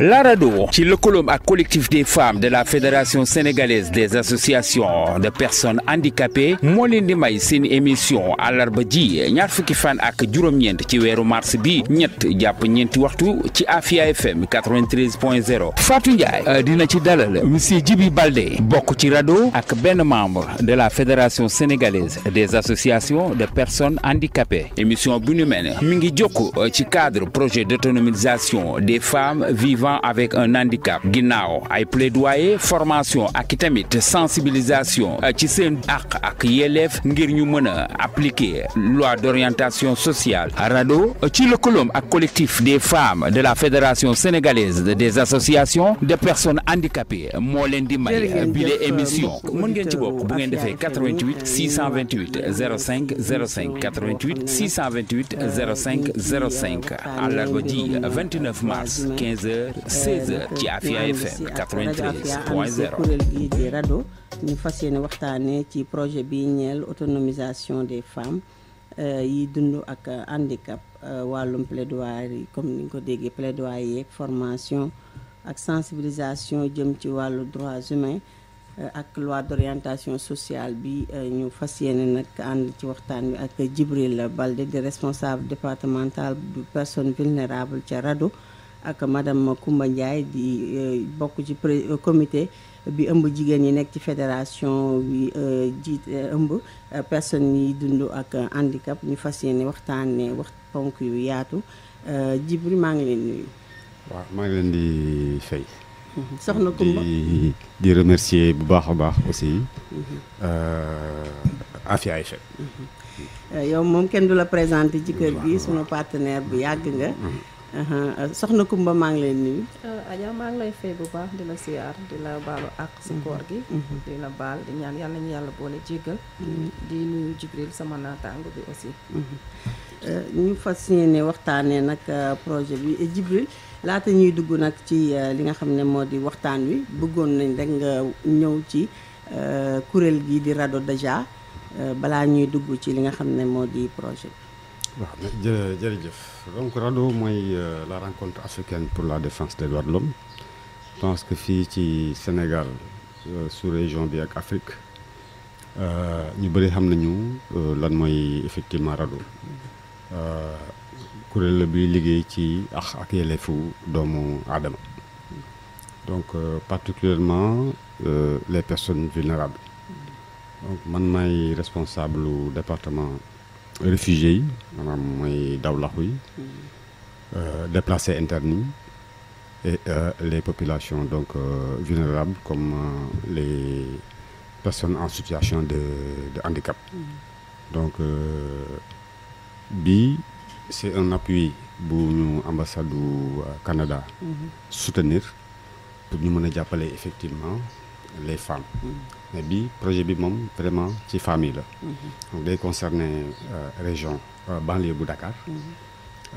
Larado ci lëkkaloom ak collectif des femmes de la fédération sénégalaise des associations de personnes handicapées moo leen di may seen émission àllarba ji ñaar fukki fan ak juróom-ñeent ci weeru mars bi ñett jàpp ñeenti waxtu ci Afia FM 93 point 0 Fatou euh, dina ci dalal monsieur jibi Baldé bokk ci Rado ak benn membre de la fédération sénégalaise des associations de personnes handicapées émission bu ñu mel mi ngi jokk euh, ci cadre projet d'autonomisation des femmes vivant avec un handicap ginnaaw ay plaidoyer formation ak i tamit sensibilisation euh, ci seen àq ak yelleef ngir ñu mën a appliquer loi d'orientation sociale RADDHO euh, ci lëkkaloom ak collectif des femmes de la fédération sénégalaise des associations de personnes handicapées moo leen di may bile émission mën ngeen ci bokk bu ngeen defee 88 628 05 05 88 628 05 05 àllarba ji 29 mars 15 heures 16h euh, ci Afia FM 93 point 0 kuréel gi ñu fas yéene waxtaanee ci projet bi ñeel autonomisation des femmes euh, yi dund ak handicap euh, wàllum plaidoyer comme ni nga ko déggee plaidoyer formation ak sensibilisation jëm ci wàllu droits humains ak loi d'orientation sociale bi ñu fas yéene nag ànd ci waxtaan wi ak Djibril Balde di responsable départemental bu personne vulnérable ca RADDHO ak madame Koumba Ndiaye di euh, bokk ci euh, comité bi ëmb jigéen yi nekk ci fédération bi euh, jiit ëmb personnes yi dund ak handicap ñu fas yéene waxtaanee wax ponk yu yaatu Djibril maa ngi leen maa ngi leen di fay. soxna Koumba di di remercier bu baax a baax aussi. Afia Aïcha. yow moom kenn du la présenté ci kër gi sunu partenaire bu yàgg nga. Uh-huh. Uh, soxna Kumba maa ngi leen nii uh, Adja maa ngi lay fay bu baax di la siyaar di la baalu ak si uh-huh. koor gi. Uh-huh. di la baal di ñaan yàlla ñu yàlla boole jéggal. di Jibril sama naataango bi aussi. Uh, ñu fas yéene waxtaanee nag projet bi eh, Jibril laata ñuy dugg nag ci li nga xam ne moo di waxtaan wi bëggoon nañ rek nga ñëw ci kuréel gi di RADDHO déjà balaa ñuy dugg ci li nga xam ne moo di projet waaw jë jërëjëf donc RADDHO mooy euh, la rencontre africaine pour la défense des droits de l'homme je que fii ci Sénégal euh, sous région bi ak Afrique euh, ñu bëri xam nañu lan mooy effectivement RADDHO kuréel la bi liggéey ci àq ak yelleefu doomu aadama donc particulièrement les personnes vulnérables donc man maay responsable département réfugiés yi maanaam mooy dawlaxu yi euh, déplacés internes yi et euh, les populations donc euh, vulnérables comme euh, les personnes en situation de de handicap. Mm. donc euh, bi c'est un appui bu ñu ambassade du Canada. Mm-hmm. soutenir pour ñu mën a jàppale effectivement les femmes. Mm. mais bi projet bi moom vraiment ci famille la. Mhm. donc day concerner euh, région euh, banlieue bu Dakar. Mhm.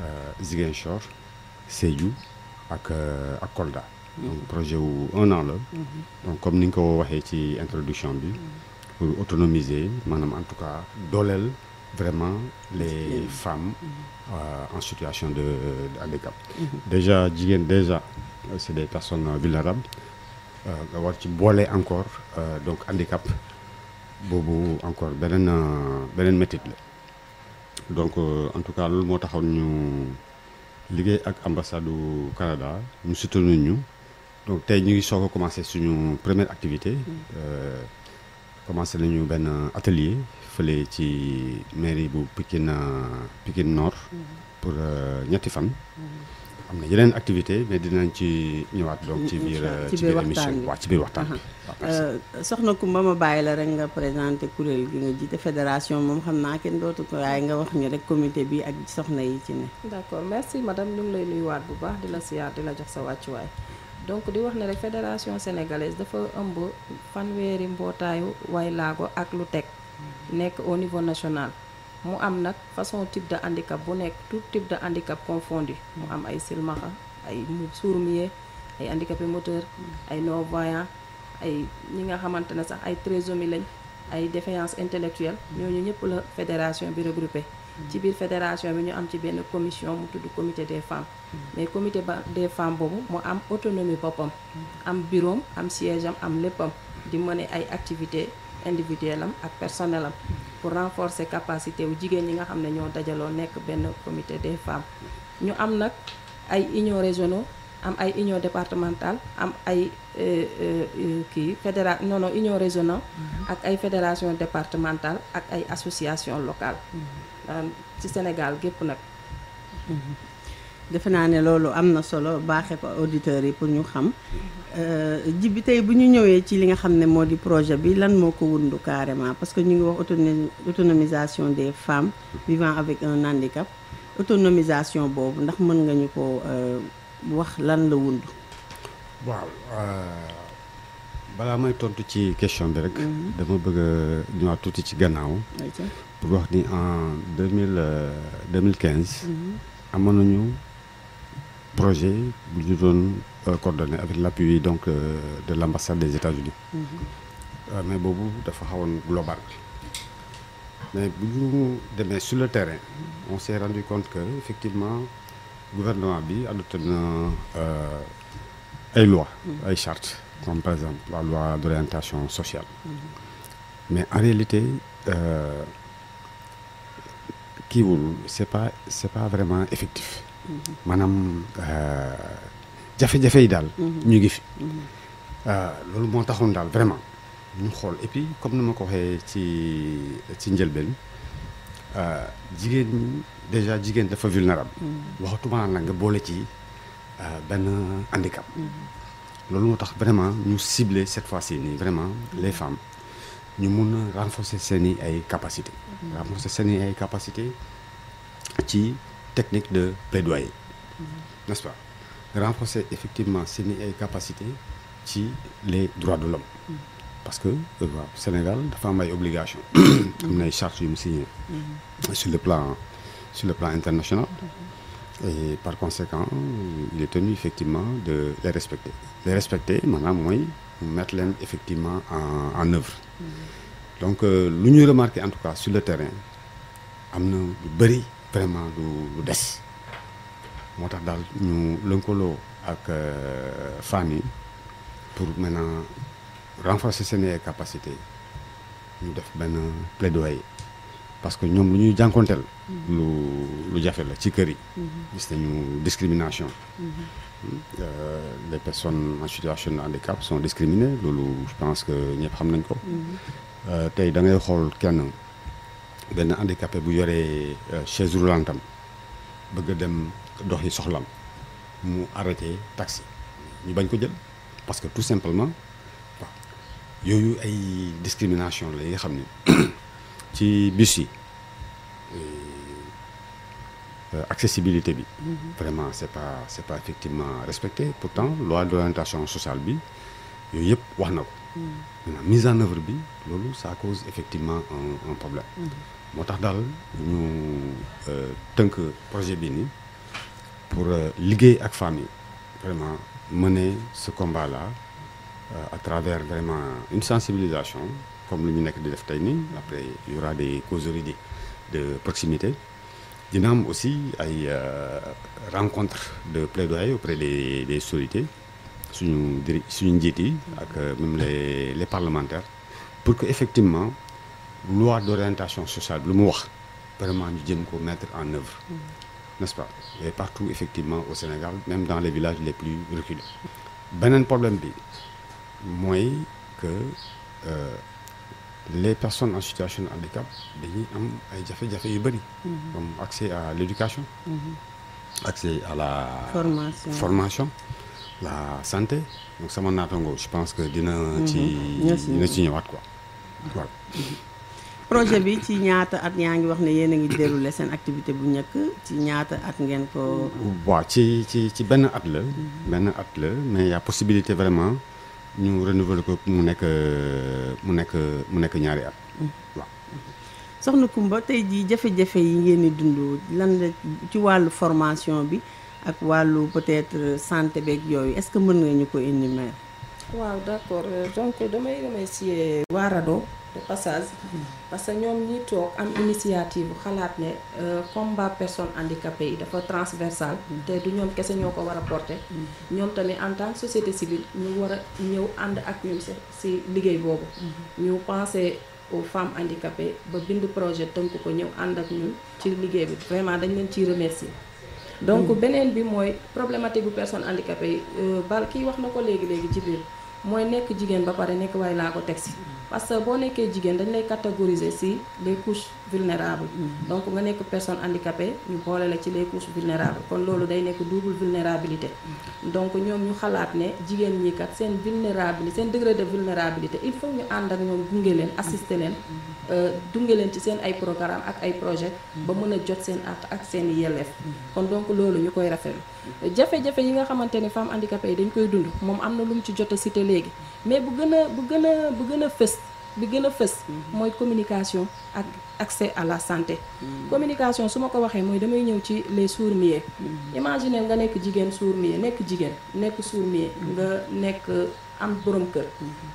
Euh, Ziguinchor Sédhiou ak ak Kolda. Mhm. projet wu un an la. donc comme ni nga ko waxee ci introduction bi. pour autonomiser maanaam en tout cas dooleel vraiment les femmes euh, en situation de de handicap. déjà jigéen déjà c'est des personnes vulnérables. nga euh, war ci boole encore euh, donc handicap boobu encore beneen euh, beneen métit la donc en tout cas loolu moo taxaw ñu liggéey ak ambassade du Canada ñu ñu donc tey ñu ngi soog a commencé suñu première activité mm. commencé nañu benn atelier fële ci mairie bu Pikine Pikine Nord mm. pour ñetti fan mm. xam na yeneen activité mais dinañ ci ñëwaat donc ci biir ci biir émission bi waaw ci waxtaan bi euh, soxna Kumba ma bàyyi la rek nga présenté kuréel gi nga jiite fédération moom xam naa kenn dootu ko waaye nga wax ñu rek comité bi ak soxna yi ci ne d'accord merci madame ñu ngi lay nuyuwaat bu baax di la siyaar di la jox sa wàcc wàccuwaay donc di wax ne rek fédération sénégalaise dafa ëmb fanweeri mbootaayu way ko ak lu teg nekk au niveau national mu am nag façon type de handicap bu nekk tout type de handicap confondu mu am ay silmaxa ay sourds-muets ay handicapé moteur ay non voyant ay ñi nga xamante ne sax ay trisomie lañ ay défaillance intellectuelle ñu ñëpp la fédération bi regroupé ci biir fédération bi ñu am ci benn commission mu tudd comité des femmes mais comité ba des femmes boobu mu am autonomie boppam am bureau am siège am am léppam di mener ay activités individuelles am ak personnel am pour renforcer capacité wu jigéen ñi nga xam ne ñoo dajaloo nekk benn comité des femmes ñu am nag ay union régionaux am ay union départementale am ay euh, euh, euh, kii fédéra non union régionale mm-hmm. ak ay fédération départementale ak ay association locale mm-hmm. ci Sénégal gépp nag mm-hmm. defe naa ne loolu am na solo baaxe ko auditeurs yi pour ñu xam Euh, ji bi tey bu ñu ñëwee ci li nga xam ne moo di projet bi lan moo ko wundu carrément parce que ñu ngi wax autonomisation des femmes vivant avec un handicap autonomisation boobu ndax mën nga ñu ko euh, wax lan la wundu waaw euh, balaa may tontu ci question bi rek. Mhm. dama bëgg a tuuti ci gannaaw. pour wax ni en deux mille deux mille quinze. Mhm. amoon nañu. projet bu ñu doon euh, coordonné avec l'appui donc euh, de l'ambassade des États-Unis mhm. euh, mais boobu dafa xawoon global mais bu ñu demee sur le terrain on s'est rendu compte que effectivement gouvernement bi adopté na ay loi mhm. ay charte comme par exemple la loi d'orientation sociale mhm. mais en réalité kiiwul pas c'est pas vraiment effectif maanaam euh, jafe-jafe yi daal. Mhm. ñu ngi fi. Mhm. Euh, loolu moo taxoon daal vraiment ñu xool et puis comme ni ma ko waxee ci ci njëlbeen euh, jigéen ñi déjà jigéen dafa vulnérable. Mhm. waxatuma la nga boole ci benn handicap. loolu moo tax vraiment ñu cibler cette fois-ci nii vraiment les femmes ñu mun a renforcer seen i ay capacité renforcer seeni ay capacité ci. technique de plaidoyer mm-hmm. n'est-ce pas renforcer effectivement seen ay capacité ci les droits de l'homme mm-hmm. parce que euh, Sénégal dafa am ay obligations mm-hmm. am nay chartes yu mu signé sur le plan sur le plan international par conséquent il est tenu effectivement de les respecter les respecter mooy mettre leen effectivement en en œuvre donc euh, lu ñuy remarquer en tout cas sur le terrain am na lu bëri vraiment du des moo tax daal ñu lëkkaloo ak euh, femmes yi pour maintenant renforcer seen capacité ñu def benn plaidoyer parce que ñoom lu ñuy jànkonteel mm-hmm. lu lu jafe la ci kër yi mm-hmm. gis nañu discrimination mm-hmm. euh, les personnes en situation de handicap sont discriminées loolu je pense que ñëpp xam nañ ko euh, tey dangay xool kenn benn handicapé bu yoree euh, chaise roulantam bëgg a dem dox yi soxlam mu arrêté taxi ñu bañ ko jël parce que tout simplement waaw yooyu ay discrimination la yi nga xam ni ci bus yi euh, euh, accessibilité bi mm-hmm. vraiment c'est pas c'est pas effectivement respecté pourtant loi d'orientation sociale bi yooyu yëpp wax na ko mm-hmm. maintenant mise en œuvre bi loolu ça cause effectivement un problème mm-hmm. moo tax daal ñu euh, tënk projet bi ni pour euh, liggéey ak femmes yi vraiment mener ce combat euh, à travers vraiment une sensibilisation comme lu ñu nekk di def tey nii après il y aura des causeries de proximité dina am aussi ay rencontre de plaidoyer auprès des des autorités suñu diri suñu njiit yi ak même les les parlementaires pour que effectivement loi d'orientation sociale lu mu wax vraiment ñu jëm ko mettre en œuvre mm. n'est-ce pas et partout effectivement au Sénégal même dans les villages les plus reculés beneen problème bi mooy que euh, les personnes en situation de handicap dañuy am ay jafe-jafe yu bëri mm-hmm. comme accès à l'éducation mm à la formation, formation la santé donc sama naatango je pense que dina mm-hmm. ci dina ci ñëwaat quoi voilà projet bi ci ñaata at yaa ngi wax ne yéen a ngi déroulé seen activité bu njëkk ci ñaata at ngeen ko. waaw ci ci ci benn at la. benn at la mais y' possibilité vraiment ñu renouveler ko mu nekk mu nekk mu nekk ñaari at. soxna Kumba tey jii jafe yi ngeen di dund lan la ci wàllu formation bi ak wàllu peut-être santé beeg yooyu est-ce que mën nga ñu ko énumérer. waaw d'accord donc damay remercier waa RADDHO de passage parce que ñoom ñi toog am initiative xalaat ne euh, combat personne handicapée yi dafa transversal te du ñoom kese ñoo ko war a porter ñoom tamit en tant que société civile ñu war a ñëw ànd ak ñun ci liggéey boobu ñu penser aux ba bind projet tënk ko ñëw ànd ak ci liggéey bi vraiment dañ leen ciy remercier donc mm. beneen bi mooy problématique bu personne handicapée yi euh, ba kii wax na ko léegi-léegi ci biir mooy nekk jigéen ba pare nekk waaye laa ko teg si parce que boo nekkee jigéen dañ lay catégoriser si les couche vulnérables mm. donc nga nekk personne handicapée ñu boole la ci les couches vulnérables kon loolu day nekk double vulnérabilité mm. donc ñoom ñu xalaat ne jigéen ñii kat seen vulnérabilité seen degré de vulnérabilité il faut ñu ànd ak ñoom gunge leen assister leen dunge mm. euh, leen ci seen ay programme ak ay projet ba mën a jot seen àq ak seen yelleef kon donc loolu ñu koy rafetlu jafe-jafe yi nga xamante ni femme handicapée yi dañ koy dund moom am na lu mu ci jot a léegi mais bu gën a bu gën a bu gën a fës bi gën a fës mooy communication ak accès à la santé hmm. communication su ma ko waxee mooy damay ñëw ci les sourds-muets hmm. imaginer nga nekk jigéen sourd nekk jigéen nekk sourd-muet hmm. nga nekk am borom kër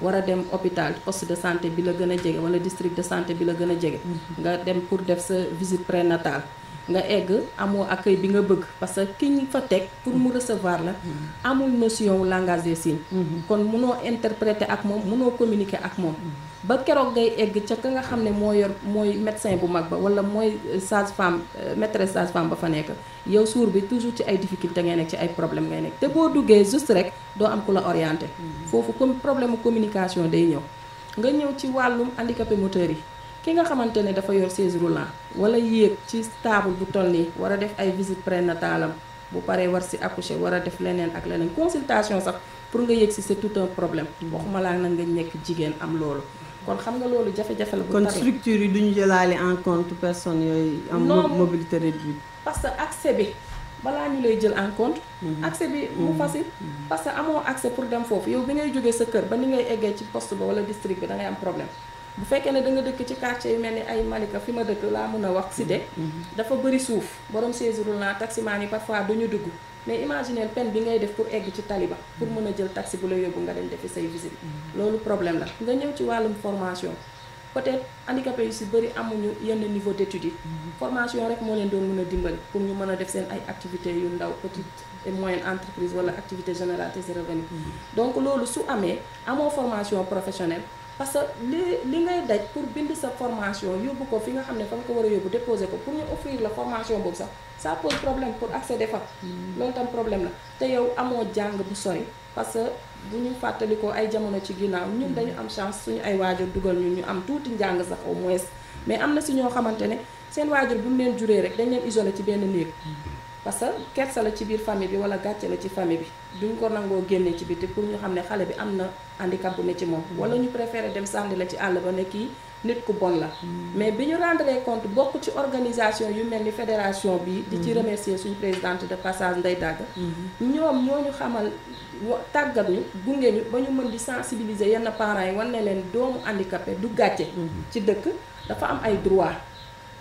war a dem hôpital poste de santé bi la gën a jege wala district de santé bi la gën a jege nga dem pour def sa visite prénatale nga egg amoo accueil bi nga bëgg parce que ki ñu fa teg pour mu recevoir la mm-hmm. amul notion wu langage des mm-hmm. kon mënoo interpréter ak moom munoo communiquer ak moom mm-hmm. ba keroog ngay egg ca ka nga xam ne moo yor mooy médecin bu mag ba wala mooy sage-femme euh, maîtresse sage-femme ba fa nekk yow suur bi toujours ci ay difficulté ngay nekk ci ay problème ngay nekk te boo duggee juste rek doo am ku la orienté foofu comme problème communication day ñëw nga ñëw ci wàllum handicapé moteur yi ki nga xamante ne dafa yor chaise la wala yéeg ci table bu toll nii war a def ay visite prénatalam bu paree war si accoucher war a def leneen ak leneen consultation sax pour nga yéeg si c'est tout un problème mm-hmm. waxuma laa nag nga nekk jigéen am loolu kon xam nga loolu jafe-jafe la bu kon structure yi jëlaale en compte personne yooyu am mobilité réduite parce que accès bi balaa ñu lay jël en compte mm-hmm. accès bi mu mm-hmm. facile parce que amoo accès pour dem foofu yow bi ngay jógee sa kër ba ni ngay eggee ci poste ba wala district bi da am problème bu fekkee ne da nga dëkk ci quartier yu mel ni ay Malika fi ma dëkk laa mën a wax Cité mm-hmm. Mm-hmm. dafa bëri suuf borom chaise roulante taximaan yi parfois duñu dugg mais imaginez peine bi ngay def pour egg ci taliba pour mën a jël taxi bu la yóbbu nga dem defi say visite mm-hmm. loolu problème la nga ñëw ci wàllum formation peut-être handicapés yu si bëri amuñu yenn niveau d'études yi formation rek moo leen doon mën a dimbali pour ñu mën a def seen ay activités yu ndaw petite et moyenne entreprise wala activité génératrice de revenu donc loolu su amee amoo formation professionnelle parce que li li ngay daj pour bind sa formation yóbbu ko fi nga xam ne fa nga ko war a yóbbu déposer ko pour ñu offrir la formation boobu sax ça pose problème pour accéder fa. Hmm. loolu tam problème la te yow amoo jàng bu sori parce que bu ñu fàttalikoo ay jamono ci ginnaaw ñun hmm. dañu am chance suñu ay waajur dugal ñu ñu am tuuti njàng sax au moins mais am na si ñoo xamante ne seen waajur bu mu leen juree rek dañ leen isolé ci benn néeg. Hmm. parce que kersa la ci biir famille bi wala gàcce la ci famille bi duñ ko nangoo génne ci biti pour ñu xam ne xale bi am na handicap bu ne ci moom wala ñu préféré dem sànni la ci àll ba ne kii nit ku bon la hmm. mais bi ñu rendre compte bokk ci organisation yu mel ni fédération bi di ci hmm. remercier suñu présidente de passage Ndeye Daga hmm. ñoom ñoo ñu xamal tàggat ñu gunge ñu ba ñu mën di sensibiliser yenn parent yi wan ne leen doomu handicapé du gàcce ci dëkk dafa am ay droit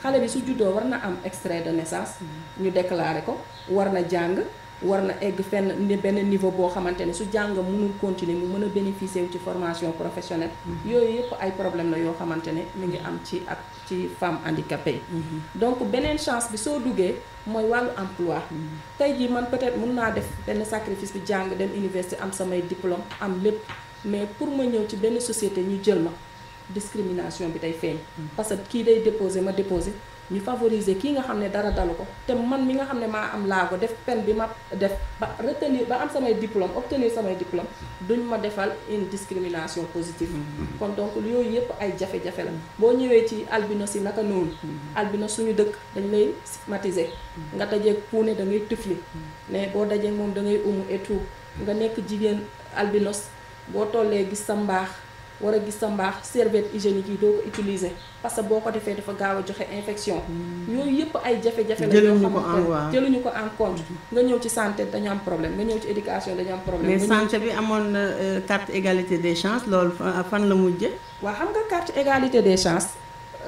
xale bi su juddoo war na am extrait de naissance ñu déclaré ko war na jàng war na egg fenn benn niveau boo xamante ne su jàng mënul continuer mu mën a bénéficier wu ci formation professionnelle mm-hmm. yooyu yëpp ay problème na yoo xamante ne mu ngi am ci ak ci femme handicapée yi mm-hmm. donc beneen chance bi soo duggee mooy wàllu emploi mm-hmm. tey jii man peut-être mun naa def benn sacrifice bi jàng dem université am samay diplôme am lépp mais pour ma ñëw ci benn société ñu jël ma discrimination bi day feeñ parce que kii day déposé ma déposé ñu favoriser kii nga xam ne dara dalu ko te man mi nga xam ne maa am laa ko def peine bi ma def ba retenir ba am samay diplôme obtenir samay diplôme duñ ma defal une discrimination positive mm-hmm. kon donc lu yooyu yëpp ay jafe-jafe la boo ñëwee ci albino si naka noonu mm-hmm. albino suñu dëkk dañ lay stigmatiser mm-hmm. nga dajeeg puune da ngay tifli mais boo dajee moom da ngay umu et nga nekk jigéen albinos boo tollee gis sa mbaax war a gis sa mbaax serviette hygiénique yi doo ko utiliser parce que boo ko defee dafa gaaw a joxe infection hmm. yooyu yëpp ay jafe-jafe la yoo xamante jëluñu ko en hmm. nga ñëw ci santé dañu am problème nga ñëw ci éducation dañu am problème mais santé bi amoon na euh, carte égalité des chances loolu fan la mujje waa xam nga carte égalité des chance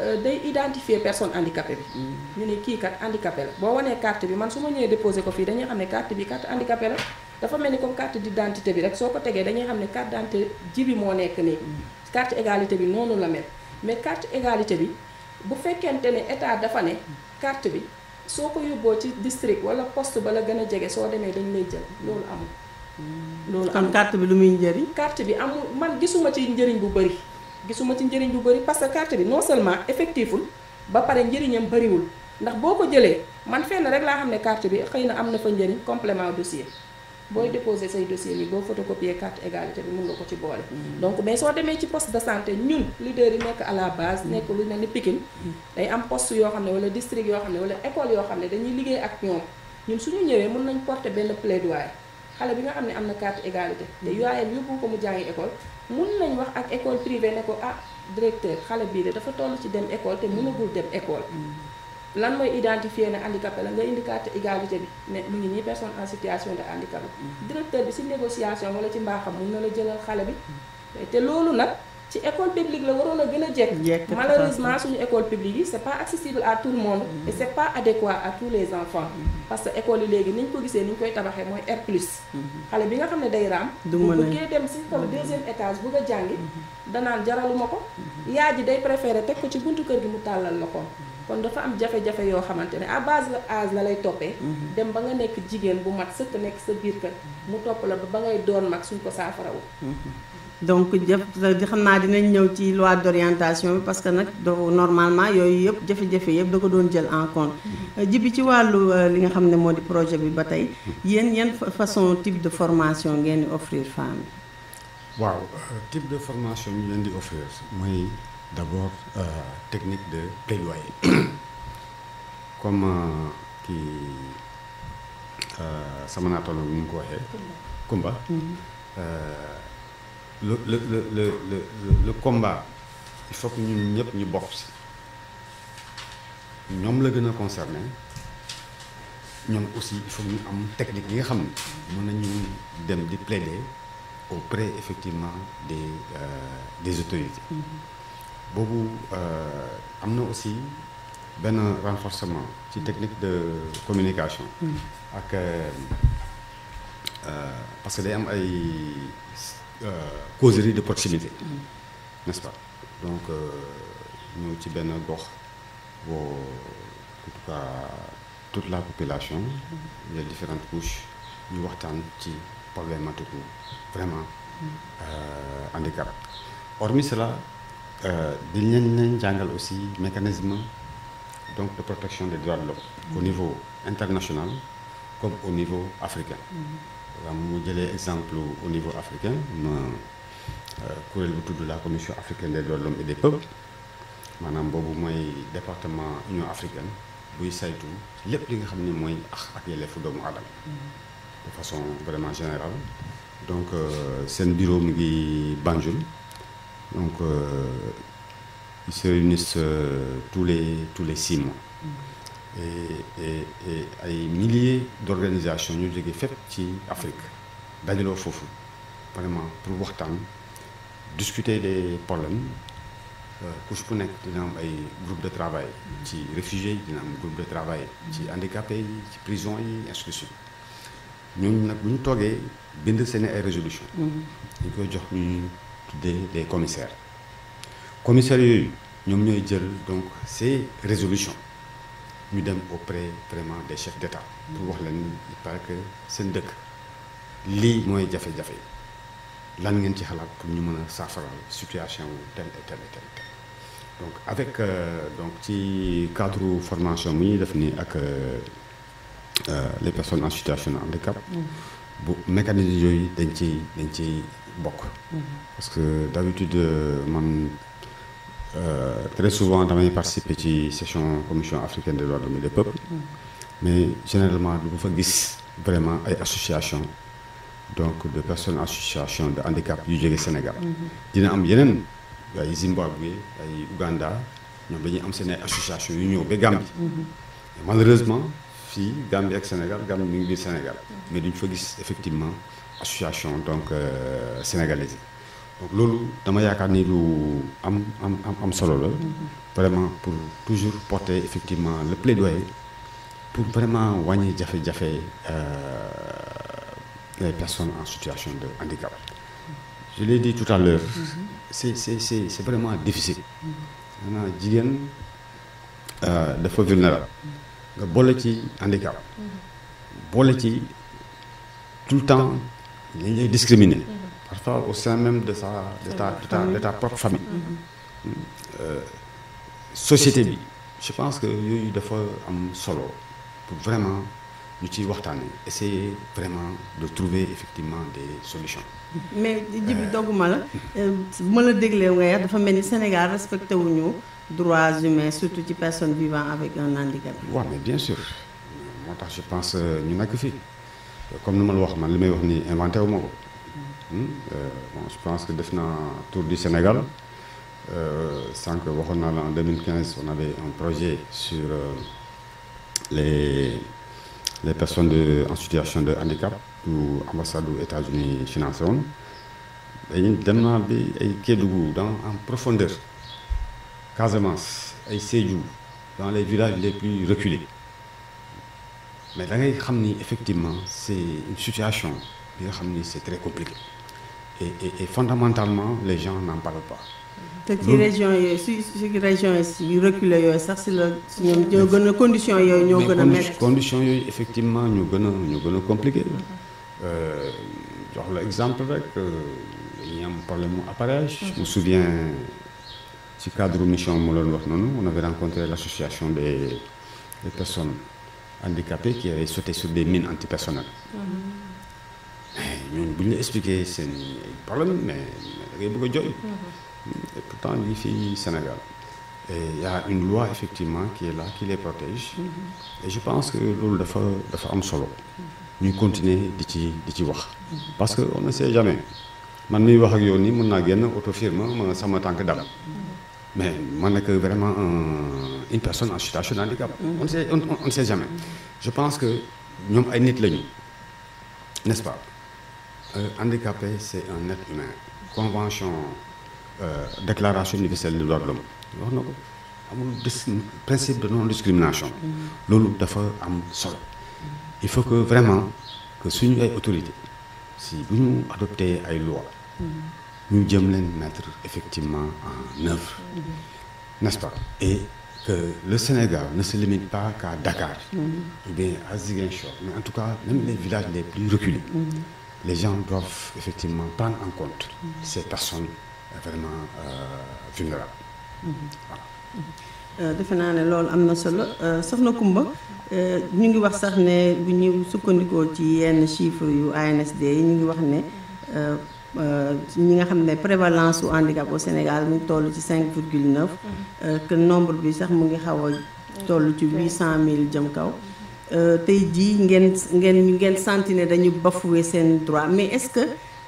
euh, day identifier personne handicapée bi hmm. ñu ne kii kat handicapé la boo wanee carte bi man su ma ñëwee déposé ko fii dañuy xam ne carte bi carte dafa mel ni comme di dentité bi rek soo ko tegee dañuy xam ne carte d'identité jibi moo nekk nii carte égalité bi noonu la mel mais carte égalité bi bu fekkente ne état dafa ne carte bi soo ko yóbboo ci district wala post ba la gën a jege soo demee dañu lay jël loolu amul loolu kon carte bi lu muy njëriñ carte bi am man gisuma ci njëriñ bu bëri gisuma ci njëriñ bu bëri parce que carte bi non seulement effectiful ba pare njëriñam bëriwul ndax boo ko jëlee man fenn rek laa xam ne carte bi xëy na am na fa njëriñ complément dossier booy déposer say dossier yi boo photocopier carte égalité bi mun nga ko ci boole. Mm-hmm. donc mais soo demee ci poste de santé ñun leader yi nekk à la base. Mm-hmm. nekk lu mel ni Pikine. Mm-hmm. day am poste yoo xam ne wala district yoo xam ne wala école yoo xam ne dañuy liggéey ak ñoom ñun suñu ñëwee mun nañ porter benn plaidoyer xale bi nga xam ne am na carte égalité. te UAM yóbbu ko mu jàngi école mun nañ wax ak école privée ne ko ah directeur xale bii de dafa toll ci dem école te mënagul dem école. lan mooy identifier ne handicapé la nga indi carte égalité bi ne mu mm-hmm. négociation wala ci mbaaxam mun na la jëlal xale bi te loolu nag ci école publique la waroon a gën a jekk malheureusement suñu école publique yi c' est pas accessible à tout le monde mm-hmm. et c' est pas adéquat à tous les enfants mm-hmm. parce que yi léegi niñ ko gisee ni ñu koy tabaxee mooy R plus xale bi nga xam ne day raam bu bëggee dem si kaw deuxième étage bëgg a jàngi danaan jaraluma ko yaay ji day préféré teg ko ci buntu kër gi mu tàllal loxoom kon dafa am jafe-jafe yoo xamante ne à la lay toppee. Mhm. dem ba nga nekk jigéen bu mat sëkk nekk sa biir kat mu topp la ba ngay doon mag suñ ko saafarawul. Mhm. donc jëf naa dinañ ñëw ci loi d'orientation bi parce que nag doo normalement yooyu yëpp jafe-jafe yëpp da ko doon jël en compte. Mhm. Euh, jibi ci wàllu euh, li nga xam ne moo di projet bi ba tey yéen yan façon type de formation ngeen di offrir femme waaw euh, type de formation ñu leen di offrir mooy. d'abord euh, technique de plaidoyer. comme euh, kii euh, sama naataango ni nga ko waxee. Kumba mm-hmm. euh, le le le le le combat il faut que ñun ñëpp ñu bokk si ñoom la gën a concerné ñoom aussi il faut ñu am technique yi nga xam ne mën nañu dem di plaider auprès effectivement des euh, des autorités. Mm-hmm. boobu euh, am na aussi benn renforcement ci technique de communication mm. ak euh, euh, parce que day am ay causerie de proximité mm. n'est-ce pas donc ñëw ci benn gox boo en toute la population mm-hmm. les différentes couches ñu waxtaan ci problématique vraiment mm. handicap hormis cela Euh, di leen leen jàngal aussi mécanisme donc de protection des droits de l'homme au niveau international comme au niveau africain mm-hmm. waaw mu jëlee exemple au niveau africain ma euh, kuréel bu tudd la commission africaine des droits de l'homme et des peuples maanaam boobu mooy département union africaine buy saytu lépp li nga xam ni mooy ax ak yelleefu doomu aadama mm-hmm. de façon vraiment général donc euh, seen bureau mu ngi Banjul Donc, euh, ils euh, tous, les, tous les six mois. Mm. ay milliers d'organisations ñu jógee fépp ci Afrique dajaloo foofu vraiment pour waxtaan discuter des problèmes euh, couche bu nekk dina am ay groupe de travail ci réfugiés dina am groupe de travail ci handicapés yi ci prison yi ainsi de nag bu ñu toogee bind seen ay résolution mm-hmm. ñu koy jox ñu tuddee des commissaires commissaires yooyu ñoom ñooy jël donc ces résolution ñu dem auprès vraiment des chefs d'État pour wax leen il que seen dëkk lii mooy jafe-jafe lan ngeen ci xalaat pour ñu mën a saafara situation wu tel et donc avec euh, donc ci cadre formation bu ñuy def nii ak euh, euh, les personnes en situation de bu mécanisme yooyu dañ ci dañ ci bokk. Mm-hmm. parce que d'habitude euh, man euh, très souvent damay participer ci session commission africaine des droits de l'homme mm-hmm. mais généralement du ma fa gis vraiment ay association donc de personnes association de handicap yu jóge Sénégal. Mm-hmm. dina am yeneen ay Zimbabwe ay Uganda ñoom dañuy am seen ay association yu ñëw ba Gambie. malheureusement. fii Gambie ak Sénégal Gambie mi ngi biir Sénégal mais duñ fa gis effectivement association donc euh, sénégalaise yi donc loolu dama yaakaar ni lu am am am solo la vraiment pour toujours porter effectivement le plaidoyer pour vraiment wàññi jafe-jafe euh, les personne en situation de handicap je l'ai dit tout à l'heure c'est c'est c'est c'est vraiment difficile maanaam jigéen euh, dafa vulnérable nga boole ci handicap boole ci tout le temps ñu lay discriminer parfois au sein même de sa de ta de ta de ta propre famille euh, société bi je pense que yooyu dafa am solo pour vraiment ñu ciy waxtaanee essayer vraiment de trouver effectivement des solution mais jibi dogguma la. bu euh, ma la déglee nga dafa mel ni Sénégal respecté wuñu droits humains surtout ci personne vivant avec un handicap. waaw mais bien sûr moo tax je pense euh, ñu nekk fi comme ni ma la wax man li may wax ni inventé wu ma ko hmm? euh, bon pense que def naa tour du Sénégal euh, sànq waxoon naa la en 2015 on avait un projet sur les les personnes de en situation de handicap bu ambassade États-Unis financé woon dem naa bi ay Kédougou dans en profondeur. Casamance ay Sédhiou dans les villages les plus reculés mais da ngay xam ni effectivement c' est une situation bi nga xam ni c' est très compliqué et et fondamentalement les gens n'en parlent pas. te ci région yooyu si si région yi reculé yooyu sax si la si ñoom ñoo gën a conditions yooyu ñoo gën a mettre conditions yooyu effectivement ñu gën a ñu gën a compliqué euh, jox la exemple rek euh, dañuy am problème mu appareillage mm-hmm. je ci cadre mission mu loolu wax noonu on avait rencontré l'association des des personnes handicapées qui avaient sauté sur des mines antipersonnelles. Mm-hmm. mais ñun bu ñu la expliqué seen problème mais da ngay bëgg a jooy. Mm-hmm. et pourtant ñu ngi fii Sénégal. et y a une loi les protège. Mm-hmm. et je pense que loolu dafa dafa am solo. ñuy continuer di ci di ci wax. parce que on ne sait jamais man miy wax ak yoon nii mën naa génn auto firme ma sama tànk dal mais man je suis vraiment un, une personne en situation de handicap. Mm. On ne un on, on, on jamais. Je pense que ay nit des n'est-ce pas euh, Handicapé, c'est un être humain. Convention, euh, Déclaration universelle des droits de l'homme. Le principe de non-discrimination. Mm. Il faut que vraiment que si nous autorité, si nous adoptons ay loi, mm. ñu jëm leen mettre effectivement en œuvre mm-hmm. n'est-ce pas et que le Sénégal ne se limite pas qu'à Dakar mm-hmm. ou bien à Ziguinchor mais en tout cas même les villages les plus reculés mm-hmm. les gens doivent effectivement prendre en compte ces personnes euh, vraiment euh, euh, defe naa ne loolu am na solo soxna Kumba ñu ngi wax sax ne bu ñu sukkandikoo ci yenn chiffres yu ANSD yi ñu ngi wax ne Euh, ñi nga xam ne prévalence su handicap au Sénégal mu ngi toll ci 5 virgule 9 euh, que nombre bi sax mu ngi xaw a toll ci cent mille jëm kaw euh, tey jii ngeen ngeen ngeen senti dañu bafoué seen droit mais est-ce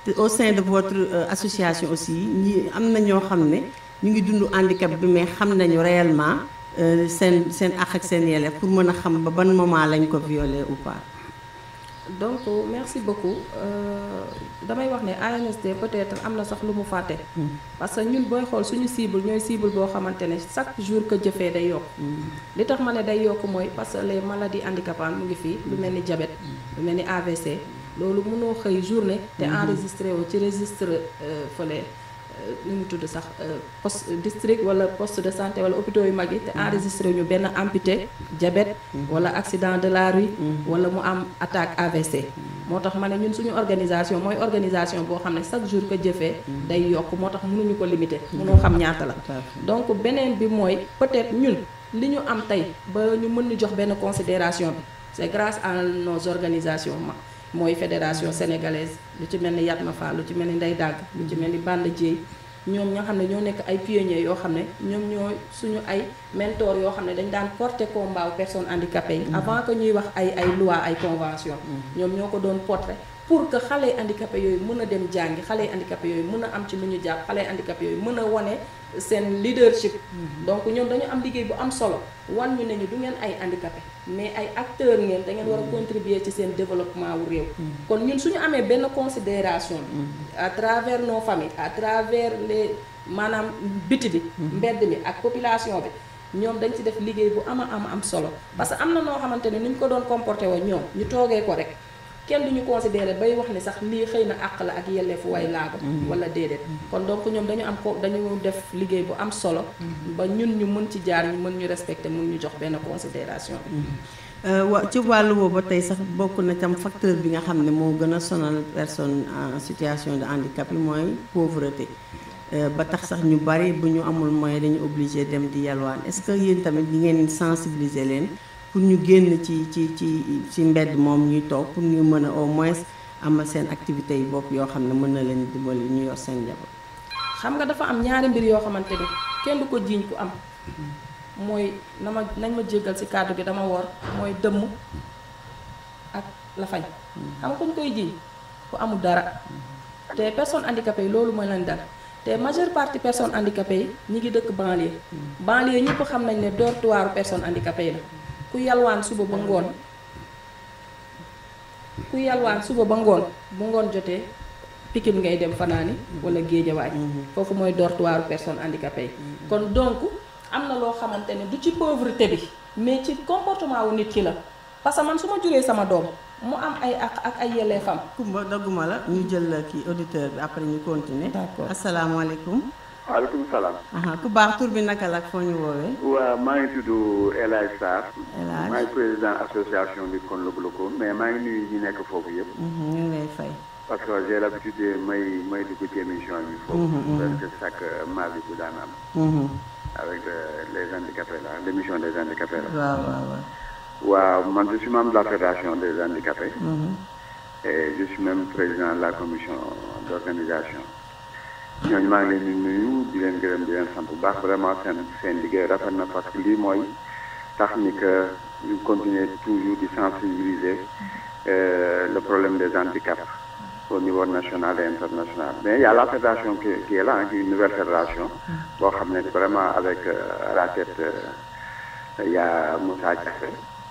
que au sein de votre association aussi ñi am na ñoo xam ne ñu ngi dund handicap bi mais xam nañu réellement seen seen àq ak seen yelleef pour mën a xam ba ban moment lañ ko violé ou pas donc merci beaucoup euh, damay wax ne ANSD peut-être am na sax lu mu fàtte. Hmm. parce que ñun booy xool suñu cible ñooy cible boo xamante ne chaque jour que jëfee day yokk. Hmm. li tax ma ne day yokk mooy parce que les maladies handicapantes mu ngi fii lu mel ni diabète lu mel ni AVC loolu mënoo xëy journée. te hmm. enregistré woo ci registre euh, fële. nu mu tudd sax euh, post district wala post de santé wala hôpitaux yu mag yi te mm-hmm. enregistré ñu benn amputé diabète mm-hmm. wala accident de la rue mm-hmm. wala mu am attaque AVC moo tax ma ne ñun suñu organisation mooy organisation boo xam ne chaque jour ko jëfee day yokk moo tax mënuñu ko limiter mënoo xam ñaata la donc beneen bi mooy peut-être ñun li ñu am tey ba ñu mën ñu jox benn considération bi c'est grâce à nos organisations ma mooy fédération sénégalaise lu ci mel ni Yatma Fall lu ci mel ni Ndeye dàgg lu ci mel ni Banda Dieye ñoom ñoo xam ne ñoo nekk ay pionniers yoo xam ne ñoom ñoo suñu ay mentor yoo xam ne dañ daan porter combat aux personnes handicapées yi mm-hmm. avant que ñuy wax ay ay loi ay convention mm-hmm. ñoom ñoo ko doon porter pour que xale handicapé yooyu mën a dem jàngi xale handicapé yooyu mën a am ci lu ñu jàpp xale handicapé yooyu mën a wane seen leadership mm-hmm. donc ñoom dañu am liggéey bu am solo wan ñu ne ñu du ngeen ay handicapé mais ay acteurs ngeen da ngeen war a mm-hmm. contribuer ci seen développement wu réew mm-hmm. kon ñun suñu amee benn considération bi à travers nos familles à travers maanaam biti bi mbedd bi ak population bi ñoom dañ ci def liggéey bu ama am am solo parce que am na noo xamante ne ni ko doon comporté woon ñoom ñu toogee ko rek kenn duñu considéré bay wax ni sax lii xëy na àq la ak yelleefu way laago mm-hmm. wala déedéet kon donc ñoom dañu am ko dañu def liggéey bu am solo mm-hmm. ba ñun ñu mën ci jaar ñu mën ñu respecté mu ñu jox benn considération mm-hmm. euh, wa ci wàllu woowu ba tey sax bokk na tam facteur bi nga xam ne moo gën a sonal personne en situation de handicap yi mooy pauvreté euh, ba tax sax ñu bari bu ñu amul moyen dañu obligé dem di yalwaan est-ce que yéen tamit ñi ngeen sensibiliser leen pour ñu génn ci ci ci ci mbedd moom ñuy toog pour ñu mën a au moins amal seen activité yi bopp yoo xam ne mën na leen dimbali ñu yor seen njaboot. xam nga dafa am ñaari mbir yoo xamante ni kenn du ko jiiñ ku am mooy na ma nañ ma jéggal ci kàddu gi dama wor mooy dëmm ak lafañ fañ xam nga ku ñu koy jiiñ ku amul dara te personne handicapé yi loolu mooy lañ dal te majeure partie personne handicapé yi ñu ngi dëkk banlieue banlieue ñëpp xam nañ ne dortoiru personne handicapé yi la ku yalwaan suba ba ngoon ku yalwaan suba ba ngoon bu ngoon jotee Pikine ngay dem fanaani wala Géejawaay mhm. foofu mooy dortoiru personnes handicapées yi mhm. kon donc am na loo xamante ne du ci pauvreté bi mais ci comportement wu nit ki la parce que man su ma juree sama doom mu am ay ak ak ay yelleefam. Kumba dogguma la ñu jël kii auditeur bi après ñu continuer. d'accord asalaamaaleykum. waaleykum salaam. ku baax tur bi naka la ak foo ñu woowee. waaw maa ngi tudd El Hadj Sarr. El Hadj maa ngi président association bi kon lëkkaloo mais maa ngi nuyu ñi nekk foofu yëpp. Mhm, ñu ngi lay fay. parce que j'ai l'habitude may may dugg ci émission bi. foofu mhm, mhm. parce que chaque mardi bu daan am. avec euh, les handicapés là l'émission des handicapés là. waaw waaw waaw. waaw man je suis membre de la fédération des handicapés. et je suis même président de la commission d'organisation. ñooñu maa ngi leen di nuyu di leen gërëm di leen sant bu baax vraiment seen seen liggéey rafet na parce que lii mooy tax ni que ñu continuer toujours di sensibiliser euh, le problème des handicaps au niveau national et international mais y a la fédération qui qui est là une nouvelle fédération. boo xam ne vraiment avec euh, à la tête euh, y a Moussa Diakhe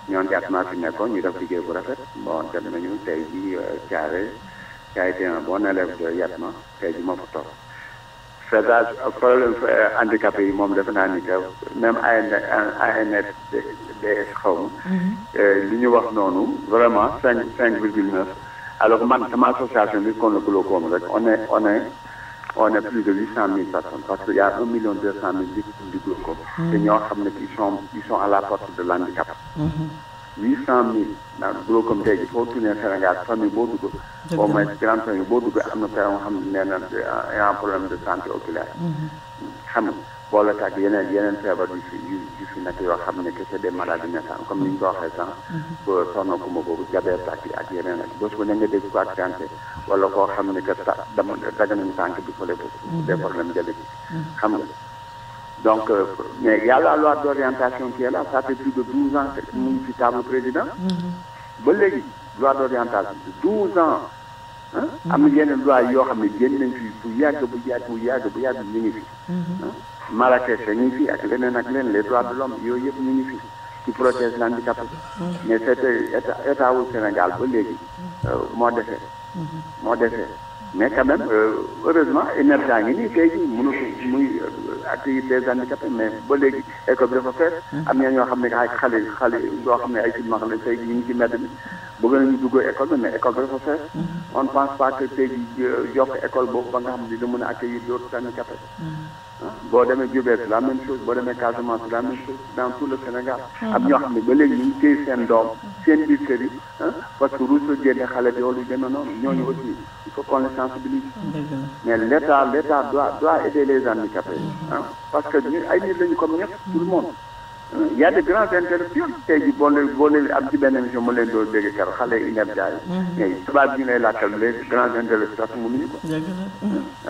ñoom yaat maa fi nekkoon ñu def liggéey bu rafet bon dem nañu tey jii Thiaré qui a été un bon élève de Yatma tey ji moo fa c'est-à-dire problème uh, handicapé yi moom defe naa ni que même ANSDS xaw ma mm-hmm. euh, li ñu wax noonu vraiment cinq cinq virgule neuf alors man sama association bi kon la glaucome rek on est on est on est plus de huit cent mille personnes parce que y a un million deux cent mille victimes du glaucome mm-hmm. te ñoo xam ne ils sont ils sont à la porte de l'handicap mm-hmm. huit cent mille ndax buloo comme léegi foo tourné Sénégal famille boo dugg au moins grande famille boo dugg am na père moo xam ne nee na euh, un problème de santé oculaire mm-hmm. xam boole ak yeneen yeneen feebar yu fi yu fi xam ne que c'est des maladies comme ni ñu ko waxee sànq mm-hmm. ba soxna ko ma ak yeneen ak bés bu ne nga dégg ko ak santé wala koo xam ne que dama dagg nañu tànk bi fële boobu mm-hmm. des problèmes diabétique xam nga donc euh, mais y a la loi d'orientation qui est là ça fait plus de douze ans que mu ngi fi table président mhm. ba léegi loi d'orientation douze ans mhm. am na yeneen loi yoo xam ne génn nañ fi bu yàgg bu yàgg bu yàgg bu yàgg ñu ngi fi mhm. Marrakech ñu ngi fi ak leneen ak leneen les droits de l'homme yooyu yëpp ñu ngi fi qui protège l'handicapé mais c'était état état wu Sénégal ba léegi euh, moo defee moo defee mais quand même euh, heureusement émergent ngi nii tey jii mënu ko muy euh, accueillir des handicapés mais ba léegi école bi dafa fees am na ñoo xam ne ay xale xale yoo xam ne ay silmax la tey jii ñu ngi ci mbedd bi bëgg nañu dugg école bi mais école bi dafa fees on ne pense pas que tey jii euh, yokk école boobu ba nga xam ne dina mën a accueillir d'autres handicapés boo demee Diourbel c'est la même chose boo demee Casamance c'est la même chose dans tout le Sénégal. am ñoo xam ne ba léegi ñu ngi téye seen doom seen biir kër yi parce que ruus la génne xale bi loolu demee noonu ñooñu aussi il faut qu'on les sensibilise. mais l' état l' état doit doit aider les handicapés. parce que ñun ay nit lañu comme ñëpp tout le y a de grands intellectuels tey jii boo leen boo leen am ci benn émission mu leen doon dégg keroog xale yi nekk jaay. mais tubaab yi ñu lay laajal les grands intellectuels mënuñu ko.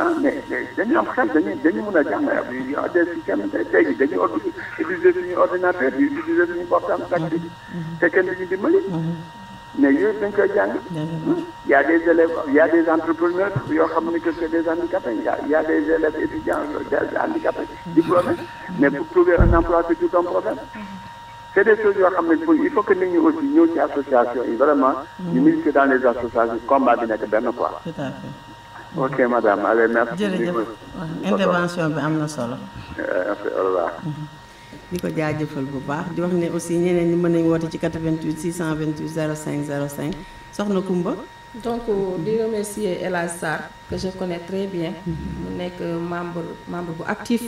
ah mais dañu am xel dañuy dañu mën a jàng ak des systèmes tey jii dañuy utiliser suñu ordinateur di utiliser suñu portable. te kenn duñu dimbali. mais yooyu dañ koy jàng. y a des élèves y a des entrepreneurs yoo xam ne que de des handicapés y a y a des élèves étudiants des handicapés diplômés mais tout un problème. c'est des choses yoo xam ne pour il faut que nit ñi aussi ñëw ci association yi vraiment. ñu militer dans les associations combat bi nekk benn quoi. tout à fait. ok madame allez merci. jërëjëf intervention bi am na solo. merci euh, au di ko jaajëfal bu baax di wax ne aussi ñeneen ñi mën nañu woote ci 88 628 05 05 soxna Kumba. donc euh, di remercier El Hadj Sarr que je connais très bien. mu nekk membre membre bu actif.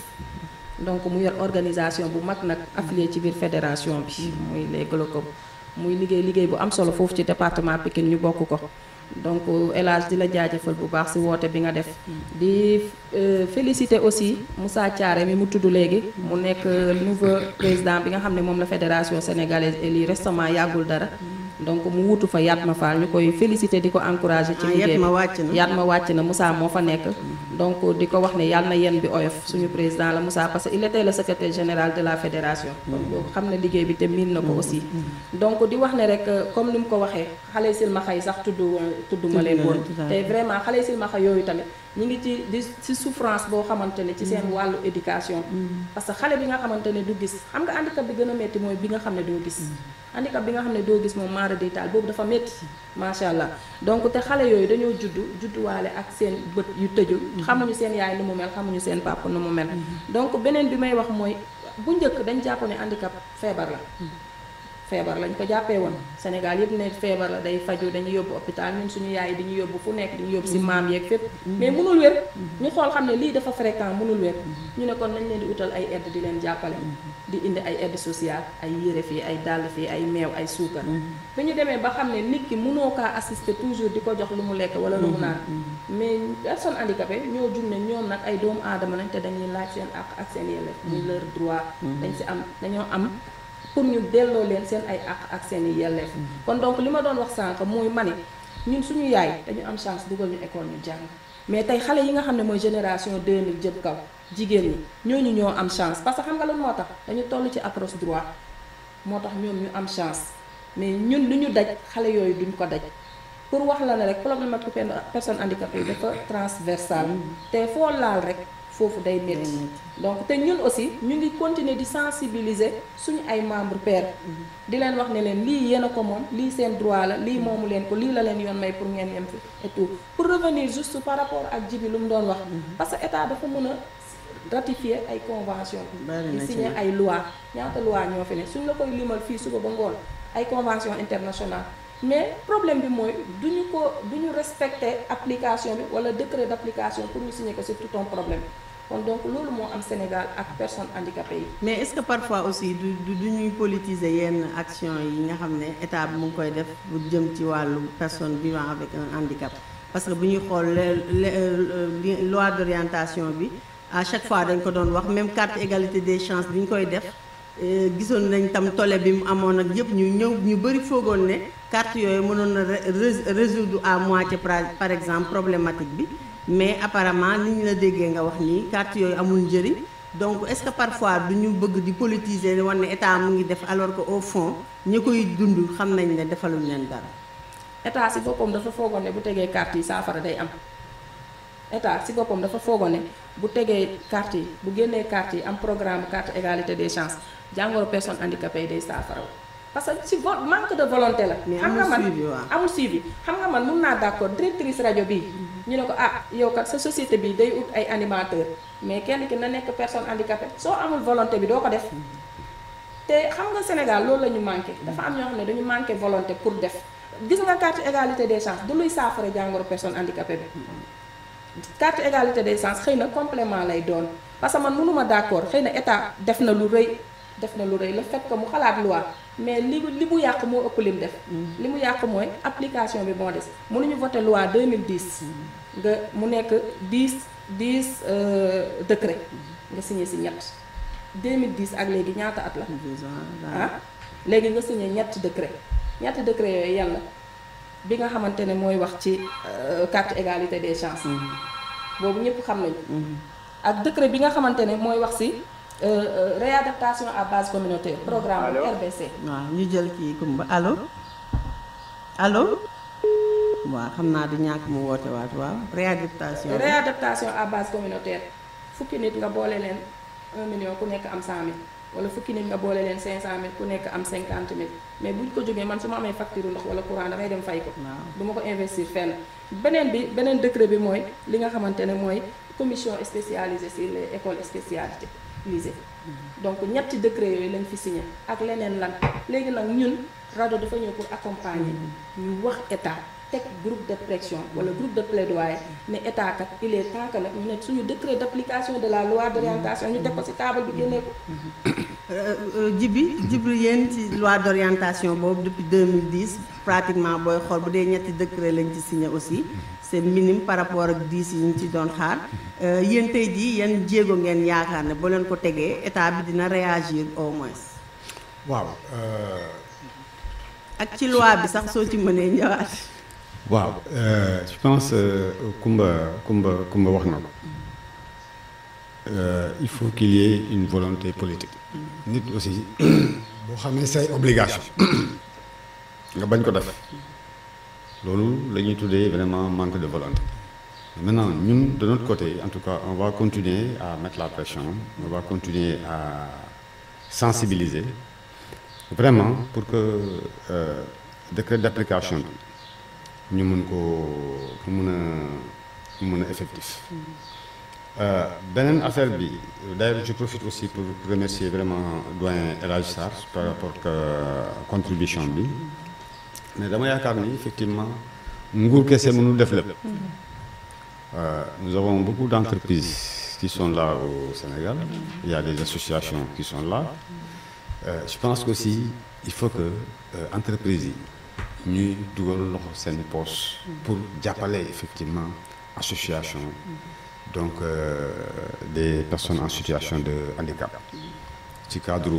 donc mu yor organisation bu mag nag affilié ci biir fédération bi. muy les Glocop muy liggéey liggéey bu am solo foofu ci département Pikine ñu bokk ko. donc El di la jaajëfal bu baax si woote bi nga def di euh, félicité aussi Moussa Thiaré mi mu tudd léegi mu nekk nouveau président bi nga xam ne moom la fédération sénégalaise élu récemment yàggul dara donc mu wutu fa Yatma Fall ñu koy félicité di ko encouragé ci ah, liggéey bi ma wàcc na Moussa moo fa nekk donc di ko wax ne yàlla na yéen bi oyof suñu président la Moussa parce que il était le secrétaire général de la fédération mm. donc xam na liggéey bi te miin na ko mm. aussi mm. donc di wax ne rek comme ni mu ko waxee xale silmaxa yi sax tudd tudd ma leen woon te vraiment xale silmaxa yooyu tamit ñu ngi ci di ci souffrance boo xamante ne ci seen mm. wàllu éducation mm. parce que xale bi nga xamante ne du gis xam nga handicap bi gën a métti mooy bi nga xam ne doo gis mm. handicap bi nga xam ne doo gis moom maara détail boobu dafa métti macha allah donc te xale yooyu dañoo juddu judduwaale ak seen bët yu tëju xamuñu seen yaay nu mu mel xamuñu seen papa nu mu mel donc beneen bi may wax mooy bu njëkk dañ jàpp ne handicap feebar la feebar lañ ko jàppee woon Sénégal yëpp ne feebar la day faju dañu yóbbu hôpital ñun suñu yaay ñu yóbbu fu nekk di ñu yóbbu si maam yeeg fépp mais mënul wér ñu xool xam ne lii dafa fréquent mënul wér ñu ne kon nañ leen di utal ay aide di leen jàppale di indi ay aide social ay yére fii ay dàll fii ay meew ay suukar dañu demee ba xam ne nit ki mënoo kaa assister toujours di ko jox lu mu lekk wala lu mu naan mais personne handicapé ñoo jug ne ñoom nag ay doomu aadama nañ te dañuy laaj seen àq ak seen yelleef muy leur droit dañ si am dañoo am pour ñu delloo leen seen ak seen i yelleef mm-hmm. kon donc li ma doon wax sànq mooy ma ne ñun suñu yaay dañu am chance dugal ñu école ñu jàng mais tey xale yi nga xam ne mooy génération 2000 jëm kaw jigéen ñi ñooñu ñoo am chance parce que xam nga lan moo tax dañu toll ci approche droit moo tax ñoom ñu am chance mais ñun lu ñu daj xale yooyu duñu ko daj pour wax la ne rek problématique personne handicapée yi dafa transversal mm-hmm. te foo laal rek foofu day métti donc te ñun aussi ñu ngi continuer di sensibiliser suñu ay membre per mm-hmm. di leen wax ne leen lii yéen a ko moom lii seen droit la lii moomu leen ko lii la leen yoon may pour ngeen yem fi pour revenir juste par rapport ak jibi lu mu doon wax mm-hmm. parce que état dafa mun a ratifier ay convention di signer ay loi ñaata loi ñoo fi ne suñ la koy limal fii suba ba ngoon ay convention internationale mais problème bi mooy du ñu ko du ñu respecter application bi walla décret d'application pour ñu signer ko c'est tout un problème kon donc loolu moo am Sénégal ak personne handicapées yi. mais est-ce que parfois aussi du du ñuy politiser yenn action yi nga xam ne état bi mu ngi koy def bu jëm ci wàllu personne vivant avec un handicap parce que bu ñuy xool loi d'orientation bi à chaque fois dañ ko doon wax même carte égalité des chances bi ñu koy def. Euh, gisoon nañ tam tole bi mu amoon ak yëpp ñu ñëw ñu bëri foogoon ne carte yooyu mënoon na résoudre à moitié par exemple problématique bi mais apparemment li ñu la déggee nga wax nii carte yooyu amul njëriñ donc est-ce que parfois du ñu bëgg di politiser di wane ne état mu ngi def alors que au fond ñi koy dund xam nañ ne defaluñ leen dara. état si boppam dafa foogoon ne bu tegee carte yi saafara day am état si boppam dafa foogoone ne bu tegee carte yi bu génnee carte yi am programme carte égalité des chances jàngoro personnes handicapées yi day saafara. parce que si vol manque de volonté la. xam nga man amul suivi xam nga man mun naa d'accord directrice rajo bii. Mm-hmm. ñu ne ko ah yow kat sa société bi day ut ay animateur mais kenn ki na nekk personne handicapée soo amul volonté bi doo ko def. Mm-hmm. te xam nga Sénégal loolu la ñu manqué. dafa am ñoo xam ne dañu manqué volonté pour def. gis nga carte égalité des chances du luy saafara jàngoro personne handicapée bi. Mm-hmm. carte égalité des chances xëy na complément lay doon parce que man mënuma d'accord xëy na état def na lu rëy def na lu rëy le fait que mu xalaat loi. mais li li mu yàq moo ëpp lim def. Mm. li mu yàq mooy application bi moo des mënuñu voté loi 2010. Mm. nga mu nekk 10 10 décret nga signé si ñett 2010 ak léegi ñaata at la. ah léegi nga signé ñett décret ñett décret yooyu yàlla bi nga xamante ne mooy wax ci euh, carte égalité des chances. Mm. boobu ñëpp xam nañu. ak décret bi nga xamante ne mooy wax si. Euh, euh, réadaptation à base communautaire programme RBC. waaw ñu jël kii Kumba allo allo. waaw xam naa di ñàkk mu woote waat waaw réadaptation. réadaptation à base communautaire fukki nit nga boole leen 1 million ku nekk am 100000 wala fukki nit nga boole leen 500000 ku nekk am 50000 mais bu ñu ko jógee man su ma amee facture ndox wala courant damay dem fay ko. waaw du ma ko investir fenn. beneen bi beneen décret bi mooy li nga xamante ne mooy commission spécialisée sur le école spécialités. utiliser donc ñetti décret yooyu lañ fi signé ak leneen lan léegi nag ñun RADDHO dafa ñëw pour bi ñuy wax état teg groupe de pression wala groupe de plaidoyer ne état kat il nag ñu ne suñu décret d' application de la loi d' orientation ñu teg ko ci table bi génnee ko. Euh, euh, jibi jibri yéen ci loi d' orientation boobu depuis 2010 pratiquement booy xool bu dee ñetti décret lañ ci signé aussi. seen minime par rapport ak diis yi ñu ci doon xaar euh, yéen tey jii yenn jéego ngeen yaakaar ne boo leen ko tegee état bi dina réagir au moins. waaw. Euh, ak ci loi bi sax soo ci mënee ñëwaat. waaw euh, je pense Kumba Kumba Kumba wax na ko. il faut qu'il y ait une volonté politique. Mm-hmm. nit aussi boo xam ne say obligation nga bañ ko def. loolu la ñuy tuddee vraiment manque de volonté maintenant ñun de notre côté en tout cas on va continuer à mettre la pression on va continuer à sensibiliser vraiment pour que euh, décret d'application bi ñu mun ko mun a mun a effectif mm-hmm. euh, beneen affaire bi d'ailleurs je profite aussi pour remercier vraiment doyen El Hadj par rapport que contribution bi mais dama yaakaar ni effectivement nguur kese mënul def lépp. Euh, nous avons beaucoup d'entreprises qui sont là au Sénégal il des associations qui sont là euh, je pense que aussi il faut que euh, entreprises yi ñuy dugal loxo seen poche pour jàppale effectivement association donc euh, des personnes en situation de handicap ci cadre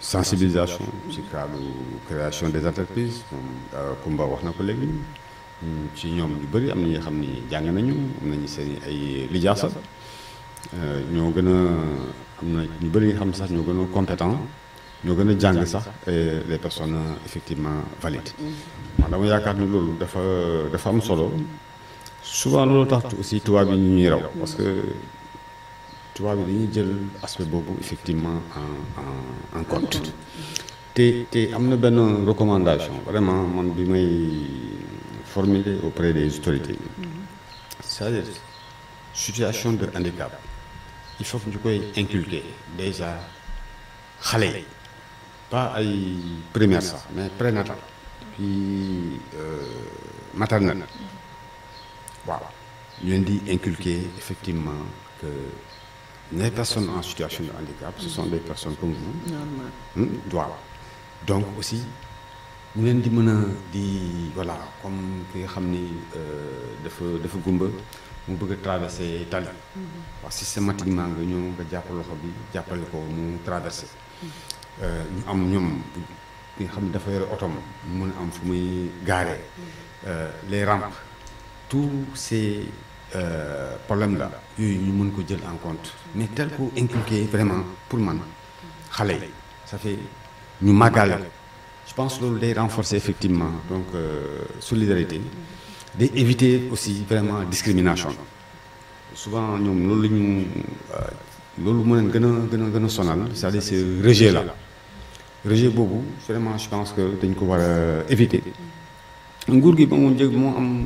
sensibilisation ci cadre création des entreprises moom euh, Kumba wax na ko léegi hmm, ci ñoom ñu bëri am na ñoo xam ni jàng nañu nañu seen ay lijaasa euh, ñoo gën a am na ñu bëri nga xam sax ñoo gën a compétent ñoo gën a jàng sax les personnes effectivement valides man hmm. dama yaakaar ni loolu dafa dafa am solo souvent loolu tax aussi tubaab yi ñuy raw parce que tubaab yi dañuy jël aspect boobu effectivement en en mm-hmm. te te am na benn recommandation vraiment man bi may formuler auprès des autorités mm-hmm. cest à de handicap il faut ñu koy inculquer déjà xale yi pas ay primaire sax mais prénatal puis euh, maternel waaw mm-hmm. ñu leen di inculquer effectivement Les personnes en situation de handicap, ce sont des personnes comme vous. Normal. Hmm? Donc aussi, mu leen di mën a di voilà comme ki nga xam ni euh, dafa dafa gumba mu bëgg a traversé tali. Mhm. waaw systématiquement nga ñëw nga jàpp loxo bi jàppale ko mu traversé. Mhm. Euh, ñu am ñoom ki nga xam ne dafa yore otoma mu mën a am fu muy gaaree mhm. euh, les rampes tous ces. Euh, problème la yooyu ñu mën ko jël en compte mais tel ko inculqué vraiment pour man xale yi ça fait ñu màggale je pense loolu day renforcer effectivement donc euh, solidarité day éviter aussi vraiment discrimination souvent ñoom loolu la ñu euh, loolu mën leen gën a gën a gën a sonal c'est-à-dire c'est la rejet boobu vraiment je pense que dañ ko war a éviter nguur gi ba mu jëg moo am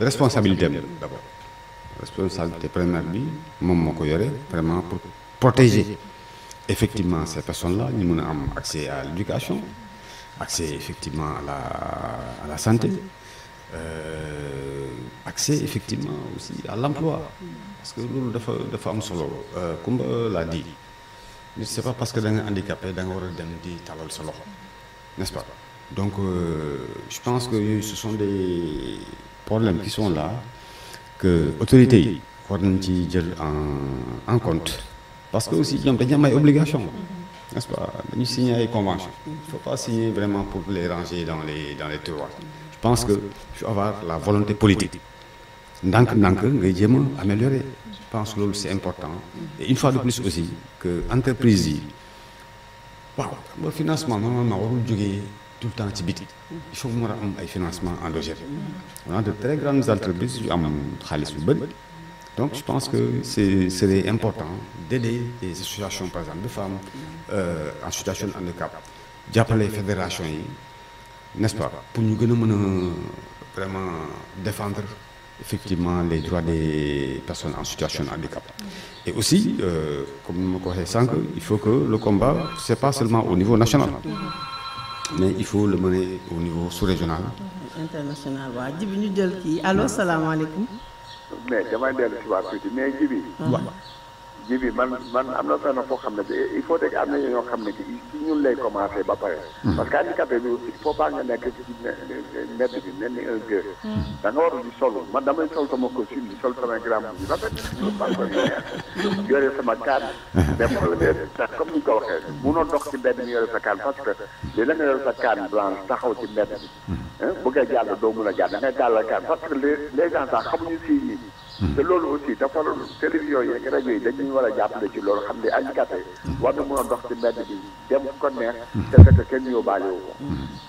responsabilité d'abord responsabilité première bi moom moo ko yore vraiment pour protéger effectivement ces personnes la ñu mën a am accès à l'éducation accès effectivement à la à la santé euh, accès effectivement aussi à l'emploi parce que loolu dafa dafa am solo euh, Kumba laa dit nit c'est pas parce que da nga handicapé da nga war a dem di talal solo n'est-ce pas donc euh, je pense que ce sont des problèmes qui sont là que autorités yi war nañ ci jël en en compte parce que aussi ñoom dañu am ay obligations n'est-ce pas dañu signer ay convention il ne faut pas signer vraiment pour les ranger dans les dans les tiroirs je pense que il faut avoir la volonté politique ndànk-ndànk ngay jéem a améliorer je pense loolu c'est important et une fois de plus aussi que entreprise yi financement normalement warul jógee tout le temps ci biti il faut mu am ay financement endogène on a de très grandes entreprises yu am xaalis bu bëri donc je pense que c'est c'est important d'aider les associations par exemple de femmes euh, en situation de handicap jàppale fédération yi n'est-ce pas pour ñu gën a mën a vraiment défendre effectivement les droits des personnes en situation de handicap et aussi euh, comme ni ma ko waxee sànq il faut que le combat c'est pas seulement au niveau national mais il faut le mener au niveau régional international waaw jibi ñu jël kii allo salaamaaleykum. mais damay dellu si waat tuuti mais jibi waaw. Ah. ji bi man man am na fenn foo xam ne il faut que am na ñoo xam ne ci ñun lay commencé ba pare. Hmm. parce que handicapé bi il faut pas nga nekk ci net bi mel ni un gueux. Hmm. da nga warul di sol man damay sol sama costume di sol sama grand bi ba pare di yore sama kaan. mais problème ndax comme ni nga ko waxee munoo dox ci mbedd mi yore sa kaan parce que li la nga yore sa kaan blanche taxaw ci mbedd bi. Hmm. Eh, bu ngay jàll doo mun a jàll da ngay jàll kaan parce que les les gens sax xamuñu fii nii. Mm. te loolu aussi dafa waroon télévision yeeg rajo yi dañuy war a jàppale ci loolu xam ne handicapé mm. war na mën a dox ci mbedd bi dem fu ko neex mm. te fekk kenn yóbbaale wu ko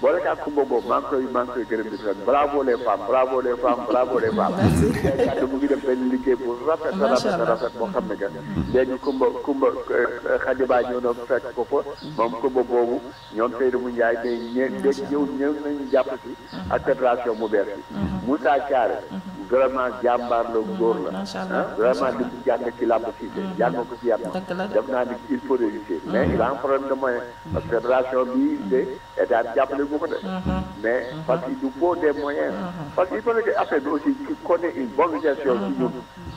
boole kaak kumba boobu maa maa koy gërëm di leen bravo les femmes bravo les femmes bravo les femmes kàddu mu ngi def benn liggéey bu rafet rafet rafet boo xam ne que léegi kumba kumba xadibaa euh, ñëw na fekk ko fa moom kumba boobu ñoom Seydou mu Ndiaye day ñe dégg ñëw ñëw nañu jàpp si ak fédération mu bees bi mm-hmm. Moussa Thiaré mm-hmm. vraiment jàmbaar la góor la ah vraiment li mu jàng ci làmb Cissé mm-hmm. jàng ko ci yàlla def naa ni il faut réussir mm-hmm. mais il a un problème de moyen mm-hmm. parce que fédération bi de état bi jàppale bu ko def mais parce que il a des moyens parce que il faut que affaire bi aussi qui connaît une bonne gestion ci ñun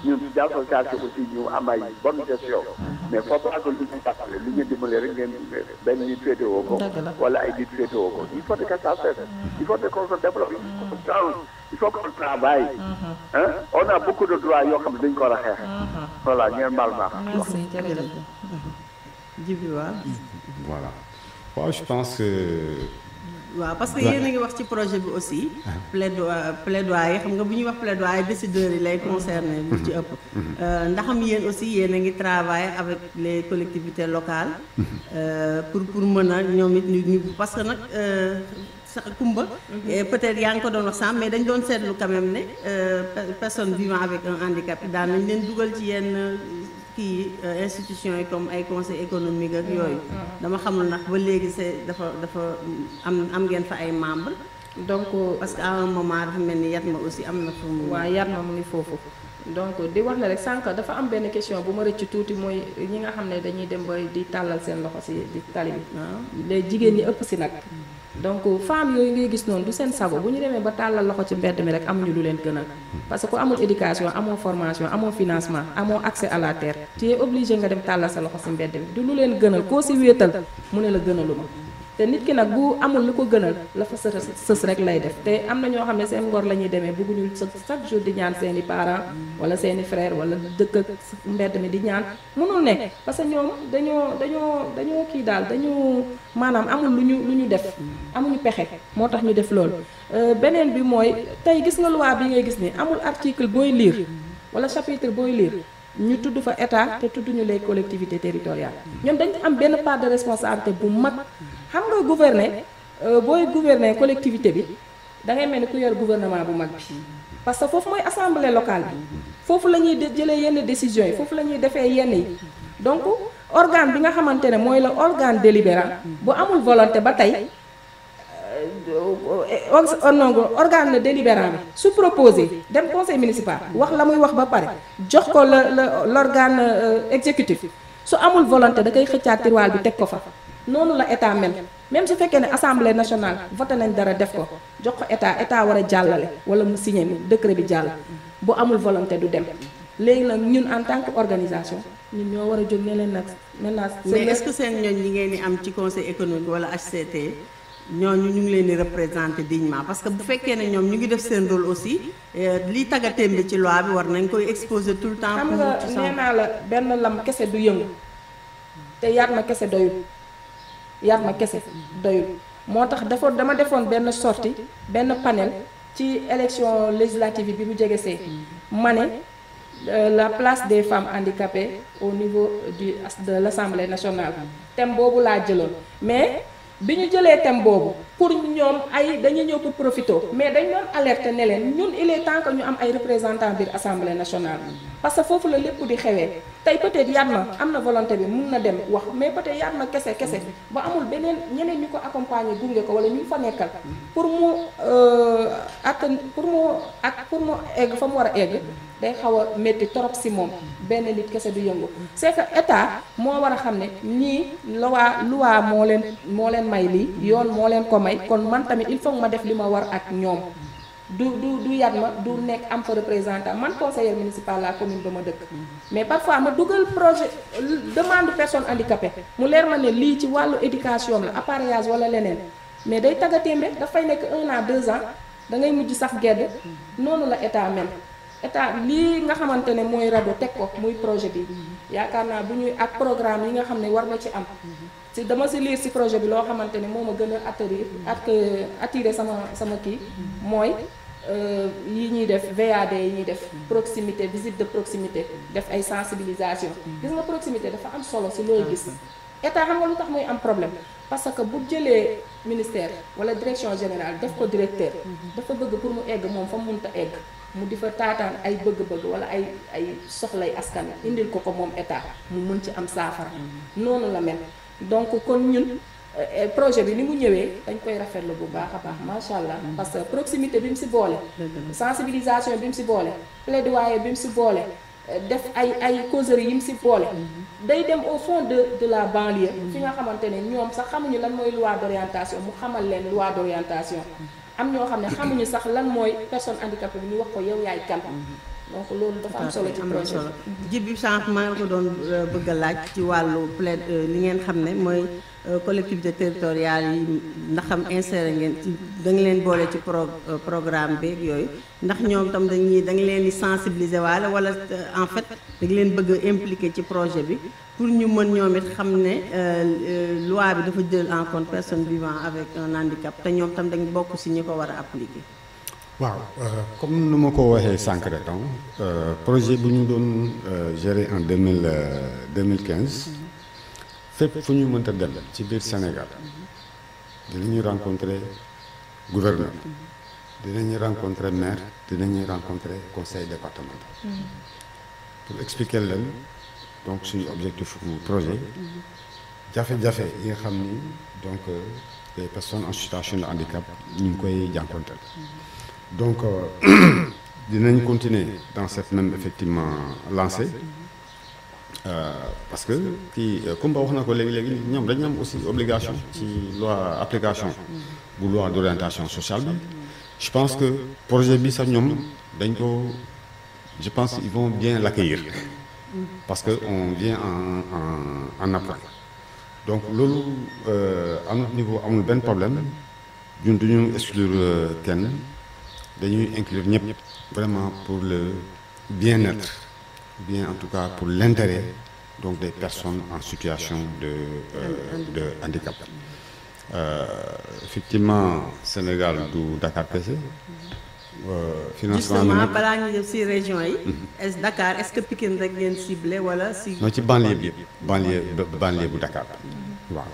ñun ci association aussi ñu am ay bonne gestion mais faut pas que lu ñu jàppale lu ñu dimbale rek ngeen benn nit féetewoo ko wala ay nit féetewoo ko il faut que ça cesse il faut que qu'on se développe il faut mhm. a beaucoup de droits yoo xam ne dañu ko war a mhm. voilà waaw je pense que. waaw parce que yéen a ngi wax ci projet bi aussi. plaido plaidoyer xam nga bu ñuy wax plaidoyer décideurs yi lay concerné. lu ci ëpp. Euh, ndax am yéen aussi yéen a ngi travailler avec les collectivités locales. Mhm. Euh, pour pour mën a ñoom it ñu parce que nag. Euh, sax Kumba. peut-être yaa ngi ko doon wax sànq mais dañ doon seetlu quand ne ne euh, personne vivant avec un handicap daan nañ leen dugal ci yenn kii euh, institutions yi comme ay conseil économique ak yooyu. dama xamul ndax ba léegi c'est dafa dafa am am ngeen fa ay membres. donc euh, parce que moment dafa mel ni Yatma aussi am na fu mu. waaw Yatma mu ngi foofu. donc di wax ne rek sànq dafa am benn question bu ma rëcc tuuti mooy ñi nga xam ne dañuy dem ba di tàllal seen loxo si di tali bi. Ah. les jigéen ñi ëpp si nag. donc femmes yooyu ngay gis noonu du seen sago bu ñu demee ba tàllal loxo ci mbedd mi rek amuñu lu leen gënal parce que ku amul éducation amoo formation amoo financement amoo accès à la terre tu es obligé nga dem tàllal sa loxo si mbedd mi du lu leen gënal koo si wéetal mu ne la gënaluma te nit ki nag bu amul lu ko gënal la fa sës sës rek lay def te am na ñoo xam ne seen ngor la ñuy demee bëgguñu chaque jour di ñaan seeni i parents seeni seen i frères wala dëkk ak mbedd mi di ñaan mënul nekk parce que ñoom dañoo dañoo dañoo kii daal dañu maanaam amul lu ñu lu ñu def amuñu pexe moo tax ñu def loolu euh, beneen bi mooy tey gis nga loi bi ngay gis ni amul article booy lire wala chapitre booy liir ñu tudd fa état te tudduñu les collectivité territoriales ñoom dañ am benn part de responsabilité bu mag xam nga gouverner euh, booy gouverner collectivité bi da ngay mel ni ku yor gouvernement bu mag bi parce que foofu mooy assemblée locale bi foofu la ñuy jëlee yenn décisions yi foofu la ñuy defee yenn yi donc organe bi nga xamante ne mooy la organe délibérant bu amul volonté ba tey euh, euh, organe délibérant bi su proposé dem conseil municipal wax la muy wax ba pare jox ko la la l' organe exécutif su amul volonté da koy xëccaat tiroir bi teg ko fa noonu la état mel même su fekkee ne assemblée national vote nañ dara def ko jox ko état état war a jàllale wala mu signé mi décret bi jàll bu amul volonté du dem léegi nag ñun en tant que organisation ñun ñoo war a jóg ne leen nag maintenant. mais est-ce que seen ñooñ ñi ngeen di am ci conseil économique wala HCT ñooñu ñu ngi leen di représenter dignement parce que bu fekkee ne ñoom ñu ngi def seen rôle aussi euh, li taggatéem bi ci loi bi war nañ koy exposer tout le temps. pour xam la benn lam kese du yëngu te yaat ma kese doyul. yar ma kese doyul moo tax defoon dama defoon benn sortie benn panel ci élection législative bi bu jege see ma ne euh, la place des femmes handicapées au niveau du de l'Assemblée nationale thème boobu laa jëloon mais bi ñu jëlee thème boobu pour ñoom ay dañuy ñëw pour profiter mais dañ doon alerter ne leen ñun il est temps que ñu am ay représentants biir assemblée nationale parce que foofu la lépp di xewee tey peut-être Yatma am na volonté bi mun na dem wax mais peut-être Yatma kese kese ba amul beneen ñeneen ñu ko accompagner gunge ko wala ñu fa nekkal pour mu euh, attan pour mu ak pour mu egg fa mu war a egg day xaw a métti trop si moom benn nit kese du yëngu c'est que état moo war a xam ne ñii loi loi moo leen moo leen may lii yoon moo leen ko may kon man tamit il faut ma def li ma war ak ñoom du du du yat ma du nekk am fa représentant man conseillère municipale la commune ba ma dëkk mais parfois ma dugal projet demande personne handicapée mu leer ma ne lii ci wàllu éducation la appareillage wala leneen mais day taggatémbe dafay nekk un an deux ans da mujj sax gedd noonu la état mel état lii nga xamante ne mooy RADDHO teg ko muy projet bi yaakaar naa bu ñuy ak programme yi nga xam ne war na ci am si dama si liir si projet bi loo xamante ne moo ma gën a atterrir ak euh, attirer sama sama kii mooy euh, yi ñuy def VAD yi ñuy def proximité visite de proximité def ay sensibilisation gis nga proximité dafa am solo si looy gis état xam nga lu tax muy am problème parce que bu jëlee ministère wala direction général def ko directeur dafa bëgg pour mu egg moom fa munta egg mu di fa taataan ay bëgg-bëgg wala ay ay soxlay askan indil ko ko moom état mu mun ci am saafara mm-hmm. noonu la mel donc kon ñun eh, projet bi ni mu ñëwee dañ koy rafetlu bu baax a baax macha allah mm-hmm. parce que proximité bi mu si boole sensibilisation bi mu si boole plaidoyer bi mu si boole eh, def ay ay causerie yi mu si boole mm-hmm. day dem au fond de de la banlieue fi nga xamante ne ñoom sax xamuñu lan mooy loi d'orientation mu xamal leen loi d'orientation am ñoo xam ne xamuñu sax lan mooy personne handicapée bi ñu wax ko yow yaay kan donc loolu dafa am solo ci projet bi mhm. ji bi sànq ko doon euh, bëgg a laaj ci wàllu plaide euh, li ngeen xam ne mooy euh, collectivité territoriale yi ndax am inséré ngeen ci da nga leen boole ci pro programme beeg yooyu ndax ñoom tam dañuy da nga leen di sensibiliser waale wala en fait da leen bëgg a ci projet bi pour ñu mën ñoom it xam ne loi bi dafa jël en compte personne vivant avec un handicap te ñoom tam dañ bokk si ñu ko war a appliquer. waaw euh, comme nu ma ko waxee sànq rek euh, projet bu ñu doon euh, gérer en deux mille deux mille quinze fépp fu ñu mënta dem ci biir Sénégal ñuy rencontrer gouverneur dinañu rencontrer maire dinañu rencontrer conseil départemental mm-hmm. pour expliquer leen donc suñu objectif bu projet jafe-jafe yi nga xam ni donc les personnes en situation de handicap ñu koy jànkonteel mm-hmm. donc euh, dinañ continuer dans cette même effectivement lancée euh, parce que kii euh, Kumba wax na ko léegi-léegi ñoom dañu am aussi obligation ci loi application bu loi d'orientation sociale je pense que projet bi sax ñoom dañ ko je pense ils vont bien l'accueillir parce que on vient en en donc loolu euh, à notre niveau amul benn problème ñun duñu exclure kenn dañuy inclure ñëpp vraiment pour le bien-être bien en tout cas pour l'intérêt donc des personnes en situation de euh, de handicap euh, effectivement Sénégal du Dakar kese euh, financement justement balaa ñu jëm ci région yi. est Dakar est-ce que Pikine rek ngeen ciblé wala ci. non ci banlieue bi banlieue banlieue bu Dakar waaw.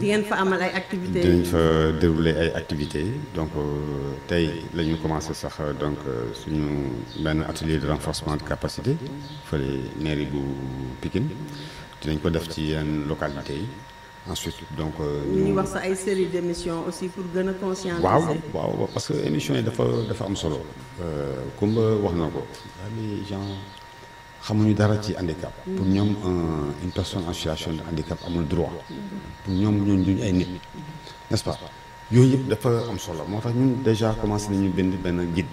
di ngeen fa amal ay activités dinañ fa dérouler ay activités donc euh, tey la ñu commencé sax donc euh, suñu benn atelier de renforcement de capacité fële mairie bu Pikine dinañ ko def ci yenn localité yi ensuite donc. Euh, ñu ngi wax sa ay série d' aussi pour gën a conscientiser. waaw waaw parce que émission yi dafa dafa am solo. Kumba wax na ko. xamuñu dara ci handicap. pour ñoom euh, une personne en situation de handicap amul droit. pour ñoom ñooñu duñu ay nit. n'est-ce pas yooyu yëpp dafa am solo moo tax ñun déjà commencé nañu bind benn guide.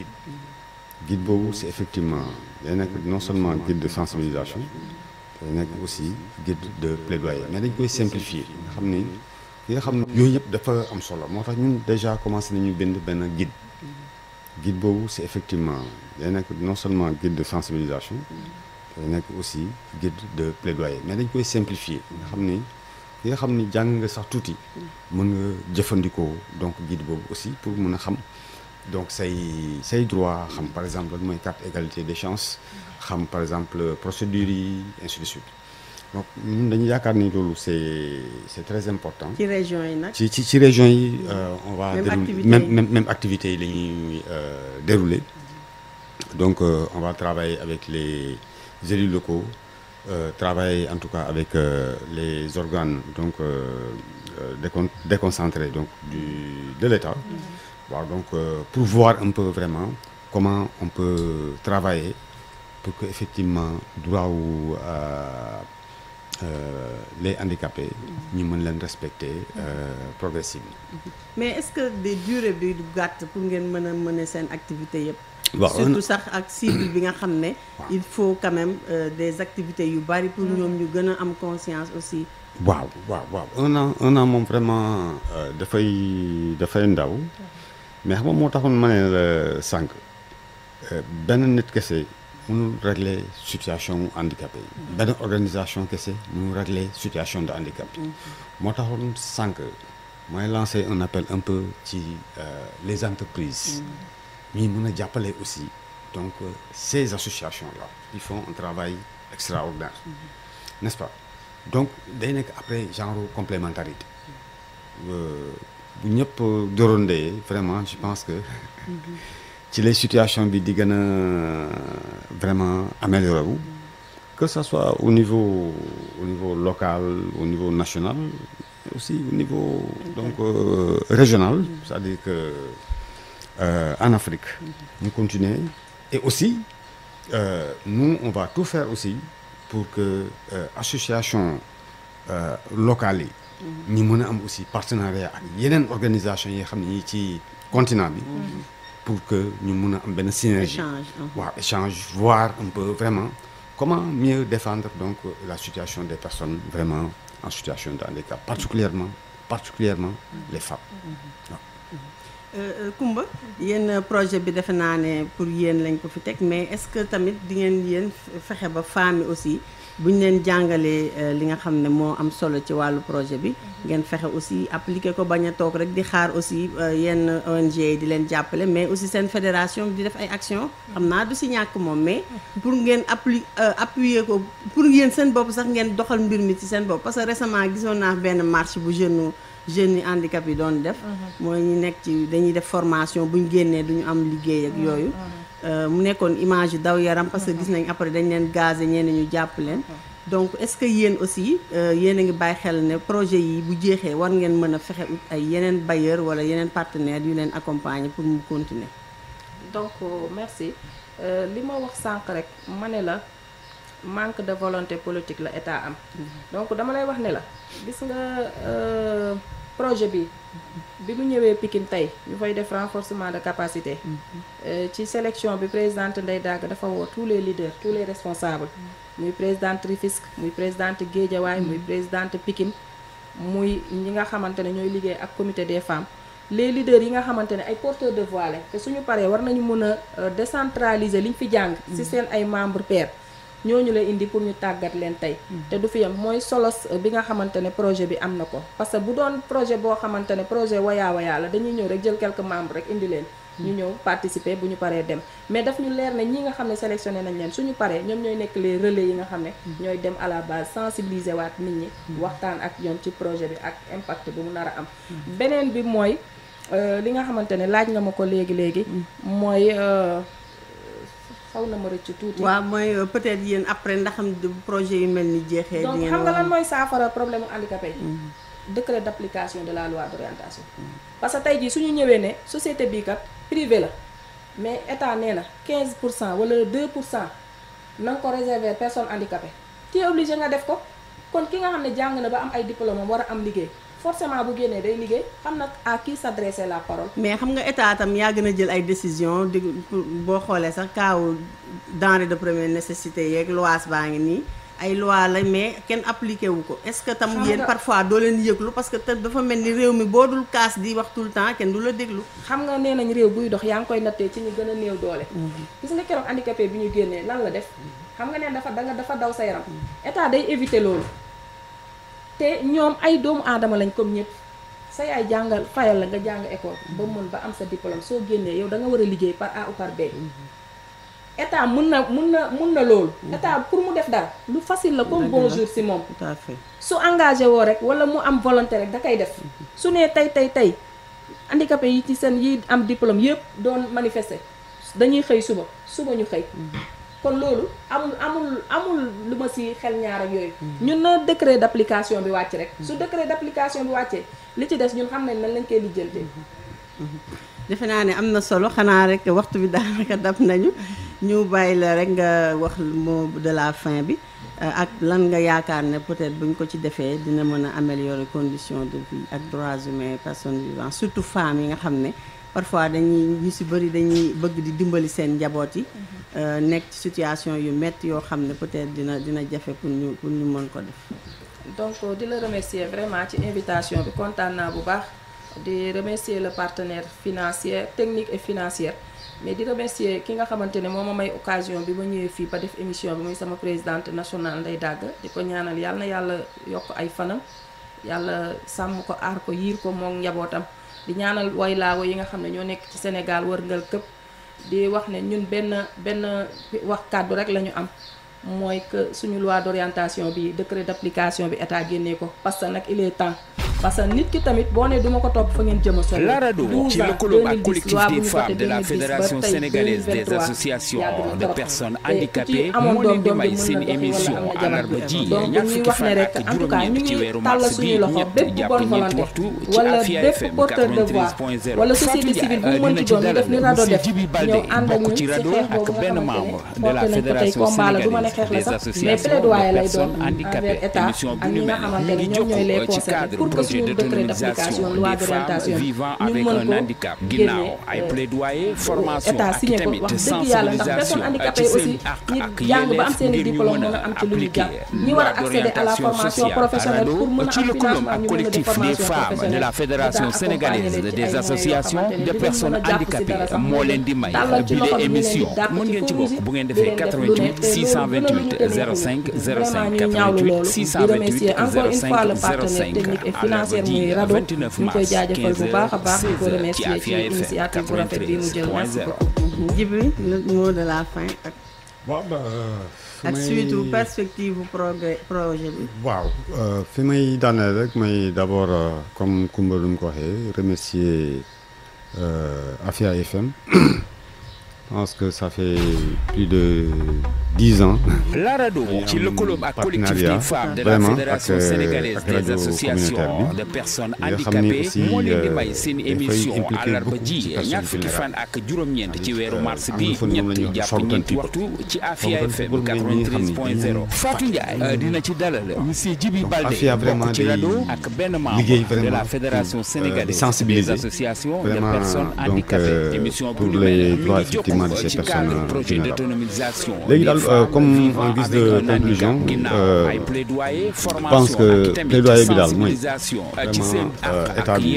guide boobu c'est effectivement day nekk non seulement guide de sensibilisation. day nekk aussi guide de plaidoyer mais koy simplifier nga xam ni ki nga xam ne yooyu yëpp dafa am solo moo tax ñun déjà commencé nañu bind benn guide. guide boobu c'est effectivement day nekk non seulement guide de sensibilisation. dafay nekk aussi guide de plaidoyer mais dañ koy simplifier nga xam ni ki nga xam ni jàng nga sax tuuti mën nga jëfandikoo donc guide boobu aussi pour mun a xam donc say say droit xam par exemple lan mooy carte des chances xam exemple procédures yi ainsi de suite donc yaakaar ni loolu c'est c'est très important. ci région yi ci ci ci région yi euh, on va. même activité même même même yi la ñuy euh, dérouler donc euh, on va travailler avec les. élus locaux euh, travailler en tout cas avec euh, les organes donc euh, euh, décon déconcentrés donc du de l'État. Mm-hmm. Voilà, donc euh, pour voir un peu vraiment comment on peut travailler pour que effectivement droit wu les handicapés. Mm-hmm. ñu mën leen respecter mm-hmm. progressivement. mais est-ce que des durée bi du gàtt pour ngeen mën a mener seen activité yëpp. waaw surtout sax ak cible bi nga xam ne. il faut que même euh, des activités yu bari pour ñoom ñu gën a am conscience aussi. waaw waaw waaw un an un moom vraiment euh, dafay dafay ndaw mais xam nga moo taxoon ma ne la sànq euh, benn nit kese mënul régler situation mu handicapé yi. Mm-hmm. benn organisation kese mënul regle situation de handicap yi. Mm-hmm. moo taxoon sànq mooy lancer un appel un peu ci euh, les entreprises. Mm-hmm. mi mun a jàppale aussi donc euh, ces associations là ils font un travail extraordinaire mm-hmm. n'est-ce pas donc day nekk après genre complémentarité euh, bu ñëpp dorondee vraiment je pense que mm-hmm. ci les situations bi di gën a vraiment améliorer wu mm-hmm. que ça soit au niveau au niveau local au niveau national aussi au niveau donc euh, régional c'est-à-dire que euh, en Afrique. Nous continuer. Et aussi, euh, nous, on va tout faire aussi pour que euh, association euh, locale yi. ñu mën a am aussi partenariat ak yeneen organisation yi xam ne ñi ci continent bi. pour que ñu mën a am benn synergie. waaw échange voir un peu vraiment comment mieux défendre donc la situation des personnes vraiment en situation de handicap particulièrement particulièrement les femmes mm-hmm. Kumba euh, euh, yenn euh, projet bi defe naa ne pour yéen lañ ko fi teg mais est-ce que tamit di ngeen yéen fexe ba femmes aussi bu ñu leen jàngalee li nga xam ne moo am solo ci wàllu projet bi ngeen fexe aussi appliquer ko bañ a toog rek di xaar aussi yenn ONG yi di leen jàppale mais aussi seen fédération di def ay action xam naa du si ñàkk moom mais pour ngeen appli appuyer ko pour yéen seen bopp sax ngeen doxal mbir mi ci seen bopp parce que récemment gisoon naa benn marche bu jeune jeunes yi handicap yi doon def mhm. mooy ñu nekk ci dañuy def formation bu ñu génnee du ñu am liggéey ak mhm. yooyu mhm. Euh, mu nekkoon image yi daw yaram parce que gis nañ après dañ leen gazé ñenn ñu jàpp leen donc est-ce que yéen aussi euh, yéen a ngi bàyyi xel ne projet yi bu jeexee war ngeen mën a fexe ut ay yeneen bailleur wala yeneen partenaire yu leen accompagner pour mu continuer donc euh, merci li ma wax sànq rek ma ne la manque de volonté politique la état am donc dama lay wax projet bi bi mu ñëwee Pikine tey ñu fay def renforcement de capacité euh, ci sélection bi présidente Ndeye Daga dafa woo tous les leaders tous les responsables muy présidente Rufisque muy présidente Guédiawaye muy présidente Pikine muy ñi nga xamante ne ñooy liggéey ak comité des femmes les leaders yi nga xamante ne ay porteurs de voix te suñu paree war nañu mën a euh, décentraliser li ñu fi jàng ci seen ay membres pairs ñooñu la indi pour ñu tàggat leen tey mm. te du fi yam mooy solos euh, bi nga xamante ne projet bi am na ko parce que bu doon projet boo xamante ne projet wayaa wayaa la dañuy ñëw rek jël quelques membre rek indi leen mm. ñu ñëw participer bu ñu paree dem mais daf ñu leer na ñi nga xam ne sélectionné nañ leen suñu paree ñoom ñooy nekk les relais yi nga xam ne mm. ñooy dem à la base sensibiliser waat nit ñi waxtaan ak ñoom ci projet bi ak impact bu mu nar a am beneen bi mooy euh, li nga xamante ne laaj nga ma ko léegi-léegi mooy euh, xaw na ma rëcc tuuti. waaw mooy euh, peut-être yéen après ndaxam projet yi mel ni jeexee. donc xam nga lan mooy saafara problème mu handicapé yi. Mm-hmm. décret d'application de la loi d'orientation. parce que tey jii su ñu ñëwee ne société bii kat privé la mais état nee na 15 pour cent wala 2 pour cent na ko réserver personne handicapée tu es obligé nga def ko kon ki nga xam ne jàng na ba am ay diplôme war a am liggéey. forcément bu génnee day liggéey xam na à qui s'adresser la parole. mais xam nga état tam yaa gën a jël ay décisions di boo xoolee sax kaawu denrée de première nécessité yeeg lois baa ngi nii. ay loi la mais kenn appliqué wu ko est-ce que tam yéen parfois doo leen yëglu parce que te dafa mel ni réew mi boo dul kaas di wax tout le temps kenn du la déglu xam nga nee nañ réew buy dox yaa ngi koy nattee ci ñu gën a néew doole mhm. gis nga keroog handicapé bi ñu génnee lan la def xam nga neen dafa da dafa daw sa yaram mhm. état day éviter loolu te ñoom ay doomu aadama lañ comme ñëpp sa yaay jàngal fayal la nga jàng école ba mën ba am sa diplôme soo génnee yow da nga war a liggéey par A ou par B mm-hmm. état mun na mun na mun na loolu mm-hmm. état pour mu def dara lu facile la comme bonjour si moom tout à su engagé woo rek wala mu am volonté rek da kay def mm-hmm. su nee tey tey tey handicapé yi ci seen yi am diplôme yëpp doon manifester dañuy xëy suba suba ñu xëy kon loolu amul amul amul lu ma si xel ñaar yooyu. Hmm. ñun na décret d' bi wàcc rek. su décret d' application bi wàccee li ci des ñun xam nañ nan lañ jël de hmm. defe naa ne am na solo xanaa rek waxtu bi daanaka dab nañu ñu bàyyi la rek nga wax mot de la fin bi euh, ak lan nga yaakaar ne peut bu buñ ko ci defee dina mën a améliorer condition de vie ak droits humains personnes vivantes surtout femmes yi nga xam ne. parfois dañuy ñu si bëri dañuy bëgg di dimbali seen njaboot yi. Euh, nekk ci situation yu métti yoo xam ne peut dina dina jafe pour ñu pour ñu mën ko def. donc euh, di la remercier vraiment ci invitation bi kontaan naa bu baax di remercier le partenaire financier technique et financier mais di remercier ki nga xamante ne moo ma may occasion bi ma ñëwee fii ba def émission bi muy sama présidente national Ndeye Dagg di ko ñaanal yàlla na yàlla yokk ay fanam yàlla sàmm ko aar ko ko moom njabootam. di ñaanal way laago yi nga xam ne ñoo nekk ci Sénégal wërngal këpp di wax ne ñun benn benn wax kàddu rek la ñu am mooy suñu loi d'orientation bi décret d'application bi état génnee ko parce nag il est temps parce nit ki tamit boo nee du ko topp fa ngeen jëm a sori. Laradou ci lëkkaloo ak collectif des de la fédération sénégalaise des associations de personnes handicapées moo leen di may seen émission àllarba ji ñaar fukki fan ak juróom-ñeent ci weeru jàpp ñeenti waxtu wala société civile bu euh, mën ci doon def ni rado def ñëw ànd ci xeex boobu nga xamante xeex la sax mais plaidoyer lay doon envers état ak ñi nga xamante ne ñoom ñooy les concernés pour que suñu décret d'application loi d'orientation ñu mën ko génne euh, euh, état signé euh, aussi ñi jàng ba am seen i diplôme mën a am ci à la formation professionnelle pour mën a am financement ñu de la fédération sénégalaise des associations de personnes handicapées moo leen di may bi émission mën 628 05 05 88 628 05 05 àllarba ji 29 mars 15h 16h ci Afia FM 93.0. Djibi le mot de la fin ak. waaw ba. ak suite perspective projet bi. waaw fi may daaneel rek may d' abord comme Coumba lu mu ko waxee remercier Afia FM. Je pense que ça fait plus de dix ans. la RADDHO ci lëkkaloom ak collectif des femmes de la fédération euh, sénégalaise de personnes handicapées moo leen di may euh, seen émission àllarba ji ñaar fukki fan ak juróom-ñeent ci weeru euh, mars bi ñetti jàpp ñeenti waxtu ci Afia FM 93.0 Fatou Ndiaye dina ci dalal monsieur Djibi Baldé bokk ci RADDHO ak benn membre de la fédération sénégalaise de personnes handicapées émission bu mi ngi renforcement de ces personnes vulnérables léegi daal euh, comme en guise de conclusion je euh, pense que plaidoyer bi daal mooy vraiment euh, état bi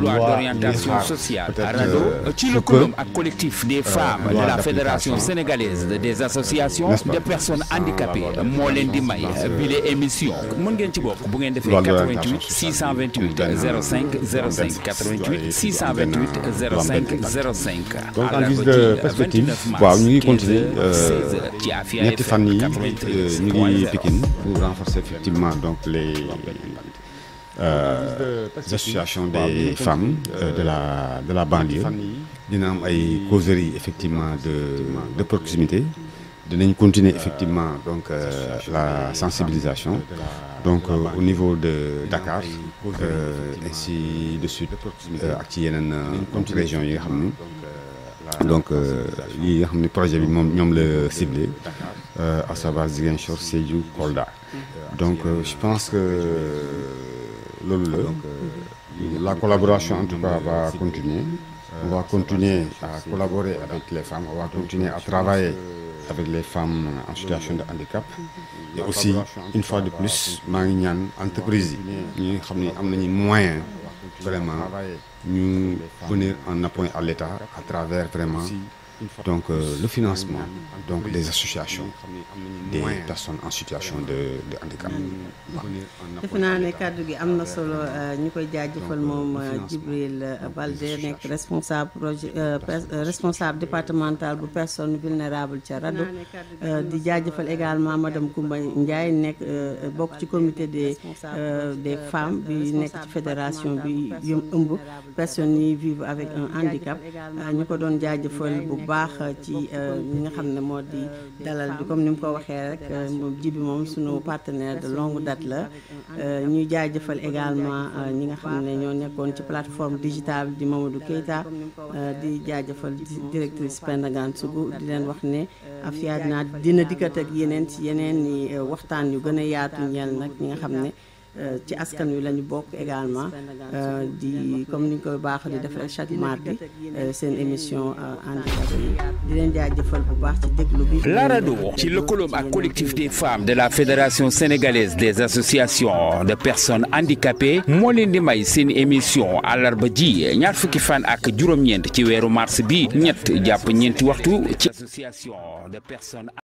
loi li xaar ah, peut-être ce que ah, loi d'application sénégalaise des associations de personnes handicapées moo leen di may bile émission mën ngeen ci bokk bu ngeen defee 88 628 05 05 88 628 05 donc en guise de perspective waaw ñu ngi continuer ñetti fan yi ñu ngi Pikine pour renforcer effectivement donc les associations des femmes euh, de la de la banlieue dina am ay causeries effectivement de de proximité dinañ continuer effectivement donc euh, la sensibilisation donc euh, au niveau de Dakar euh, ainsi de suite euh, ak ci yeneen donc région yi nga xam ni donc lii nga xam ni projet bi moom ñoom la ciblé à savoir Ziguinchor Sédhiou Kolda donc je pense que loolu la la collaboration en tout cas va continuer on va continuer à collaborer avec les femmes on va continuer à travailler avec les femmes en situation de handicap mm-hmm. et aussi une fois de plus maa ngi ñaan entreprise yi ñi nga xam ne am nañu moyen vraiment ñu venir en appui à l'État à travers vraiment donc euh, le financement donc des associations des en situation de de handicap. def euh, euh, euh, naa ne kàddu gi am na solo ñu koy jëfal moom Djibril Balde nekk responsable projet bu personne vulnérable ca RADDHO di jaajëfal également madame Koumba Ndiaye nekk bokk ci comité des des femmes bi nekk ci fédération bi yëm ëmb personnes yi vivent avec un handicap ñu ko doon jaajëfal bu baax euh, ci ñi euh, nga xam ne moo di euh, dalal bi comme ni mu ko waxee rek jibi moom suñu partenaire de longue date la ñuy jaajëfal également ñi nga xam ne ñoo nekkoon ci plateforme digitale di Mamadou Keita di jaajëfal directrice Pendagan Sougou di leen wax ne Afia dina dikkat ak yeneen ci yeneen i waxtaan yu gën a yaatu ñeel nag ñi nga xam ne Euh, ci askan wi lañu bokk également euh, di comme ni ñu koy baax di def rek chaque mardi euh, seen émission handicap yi di bu baax ci déglu bi. L'arado ci lëkkaloom ak collectif des femmes de la fédération sénégalaise des associations de personnes handicapées moo leen di may seen émission àllarba ji ñaar fukki fan ak juróom-ñeent ci weeru mars bi ñett jàpp ñeenti waxtu ci association de personnes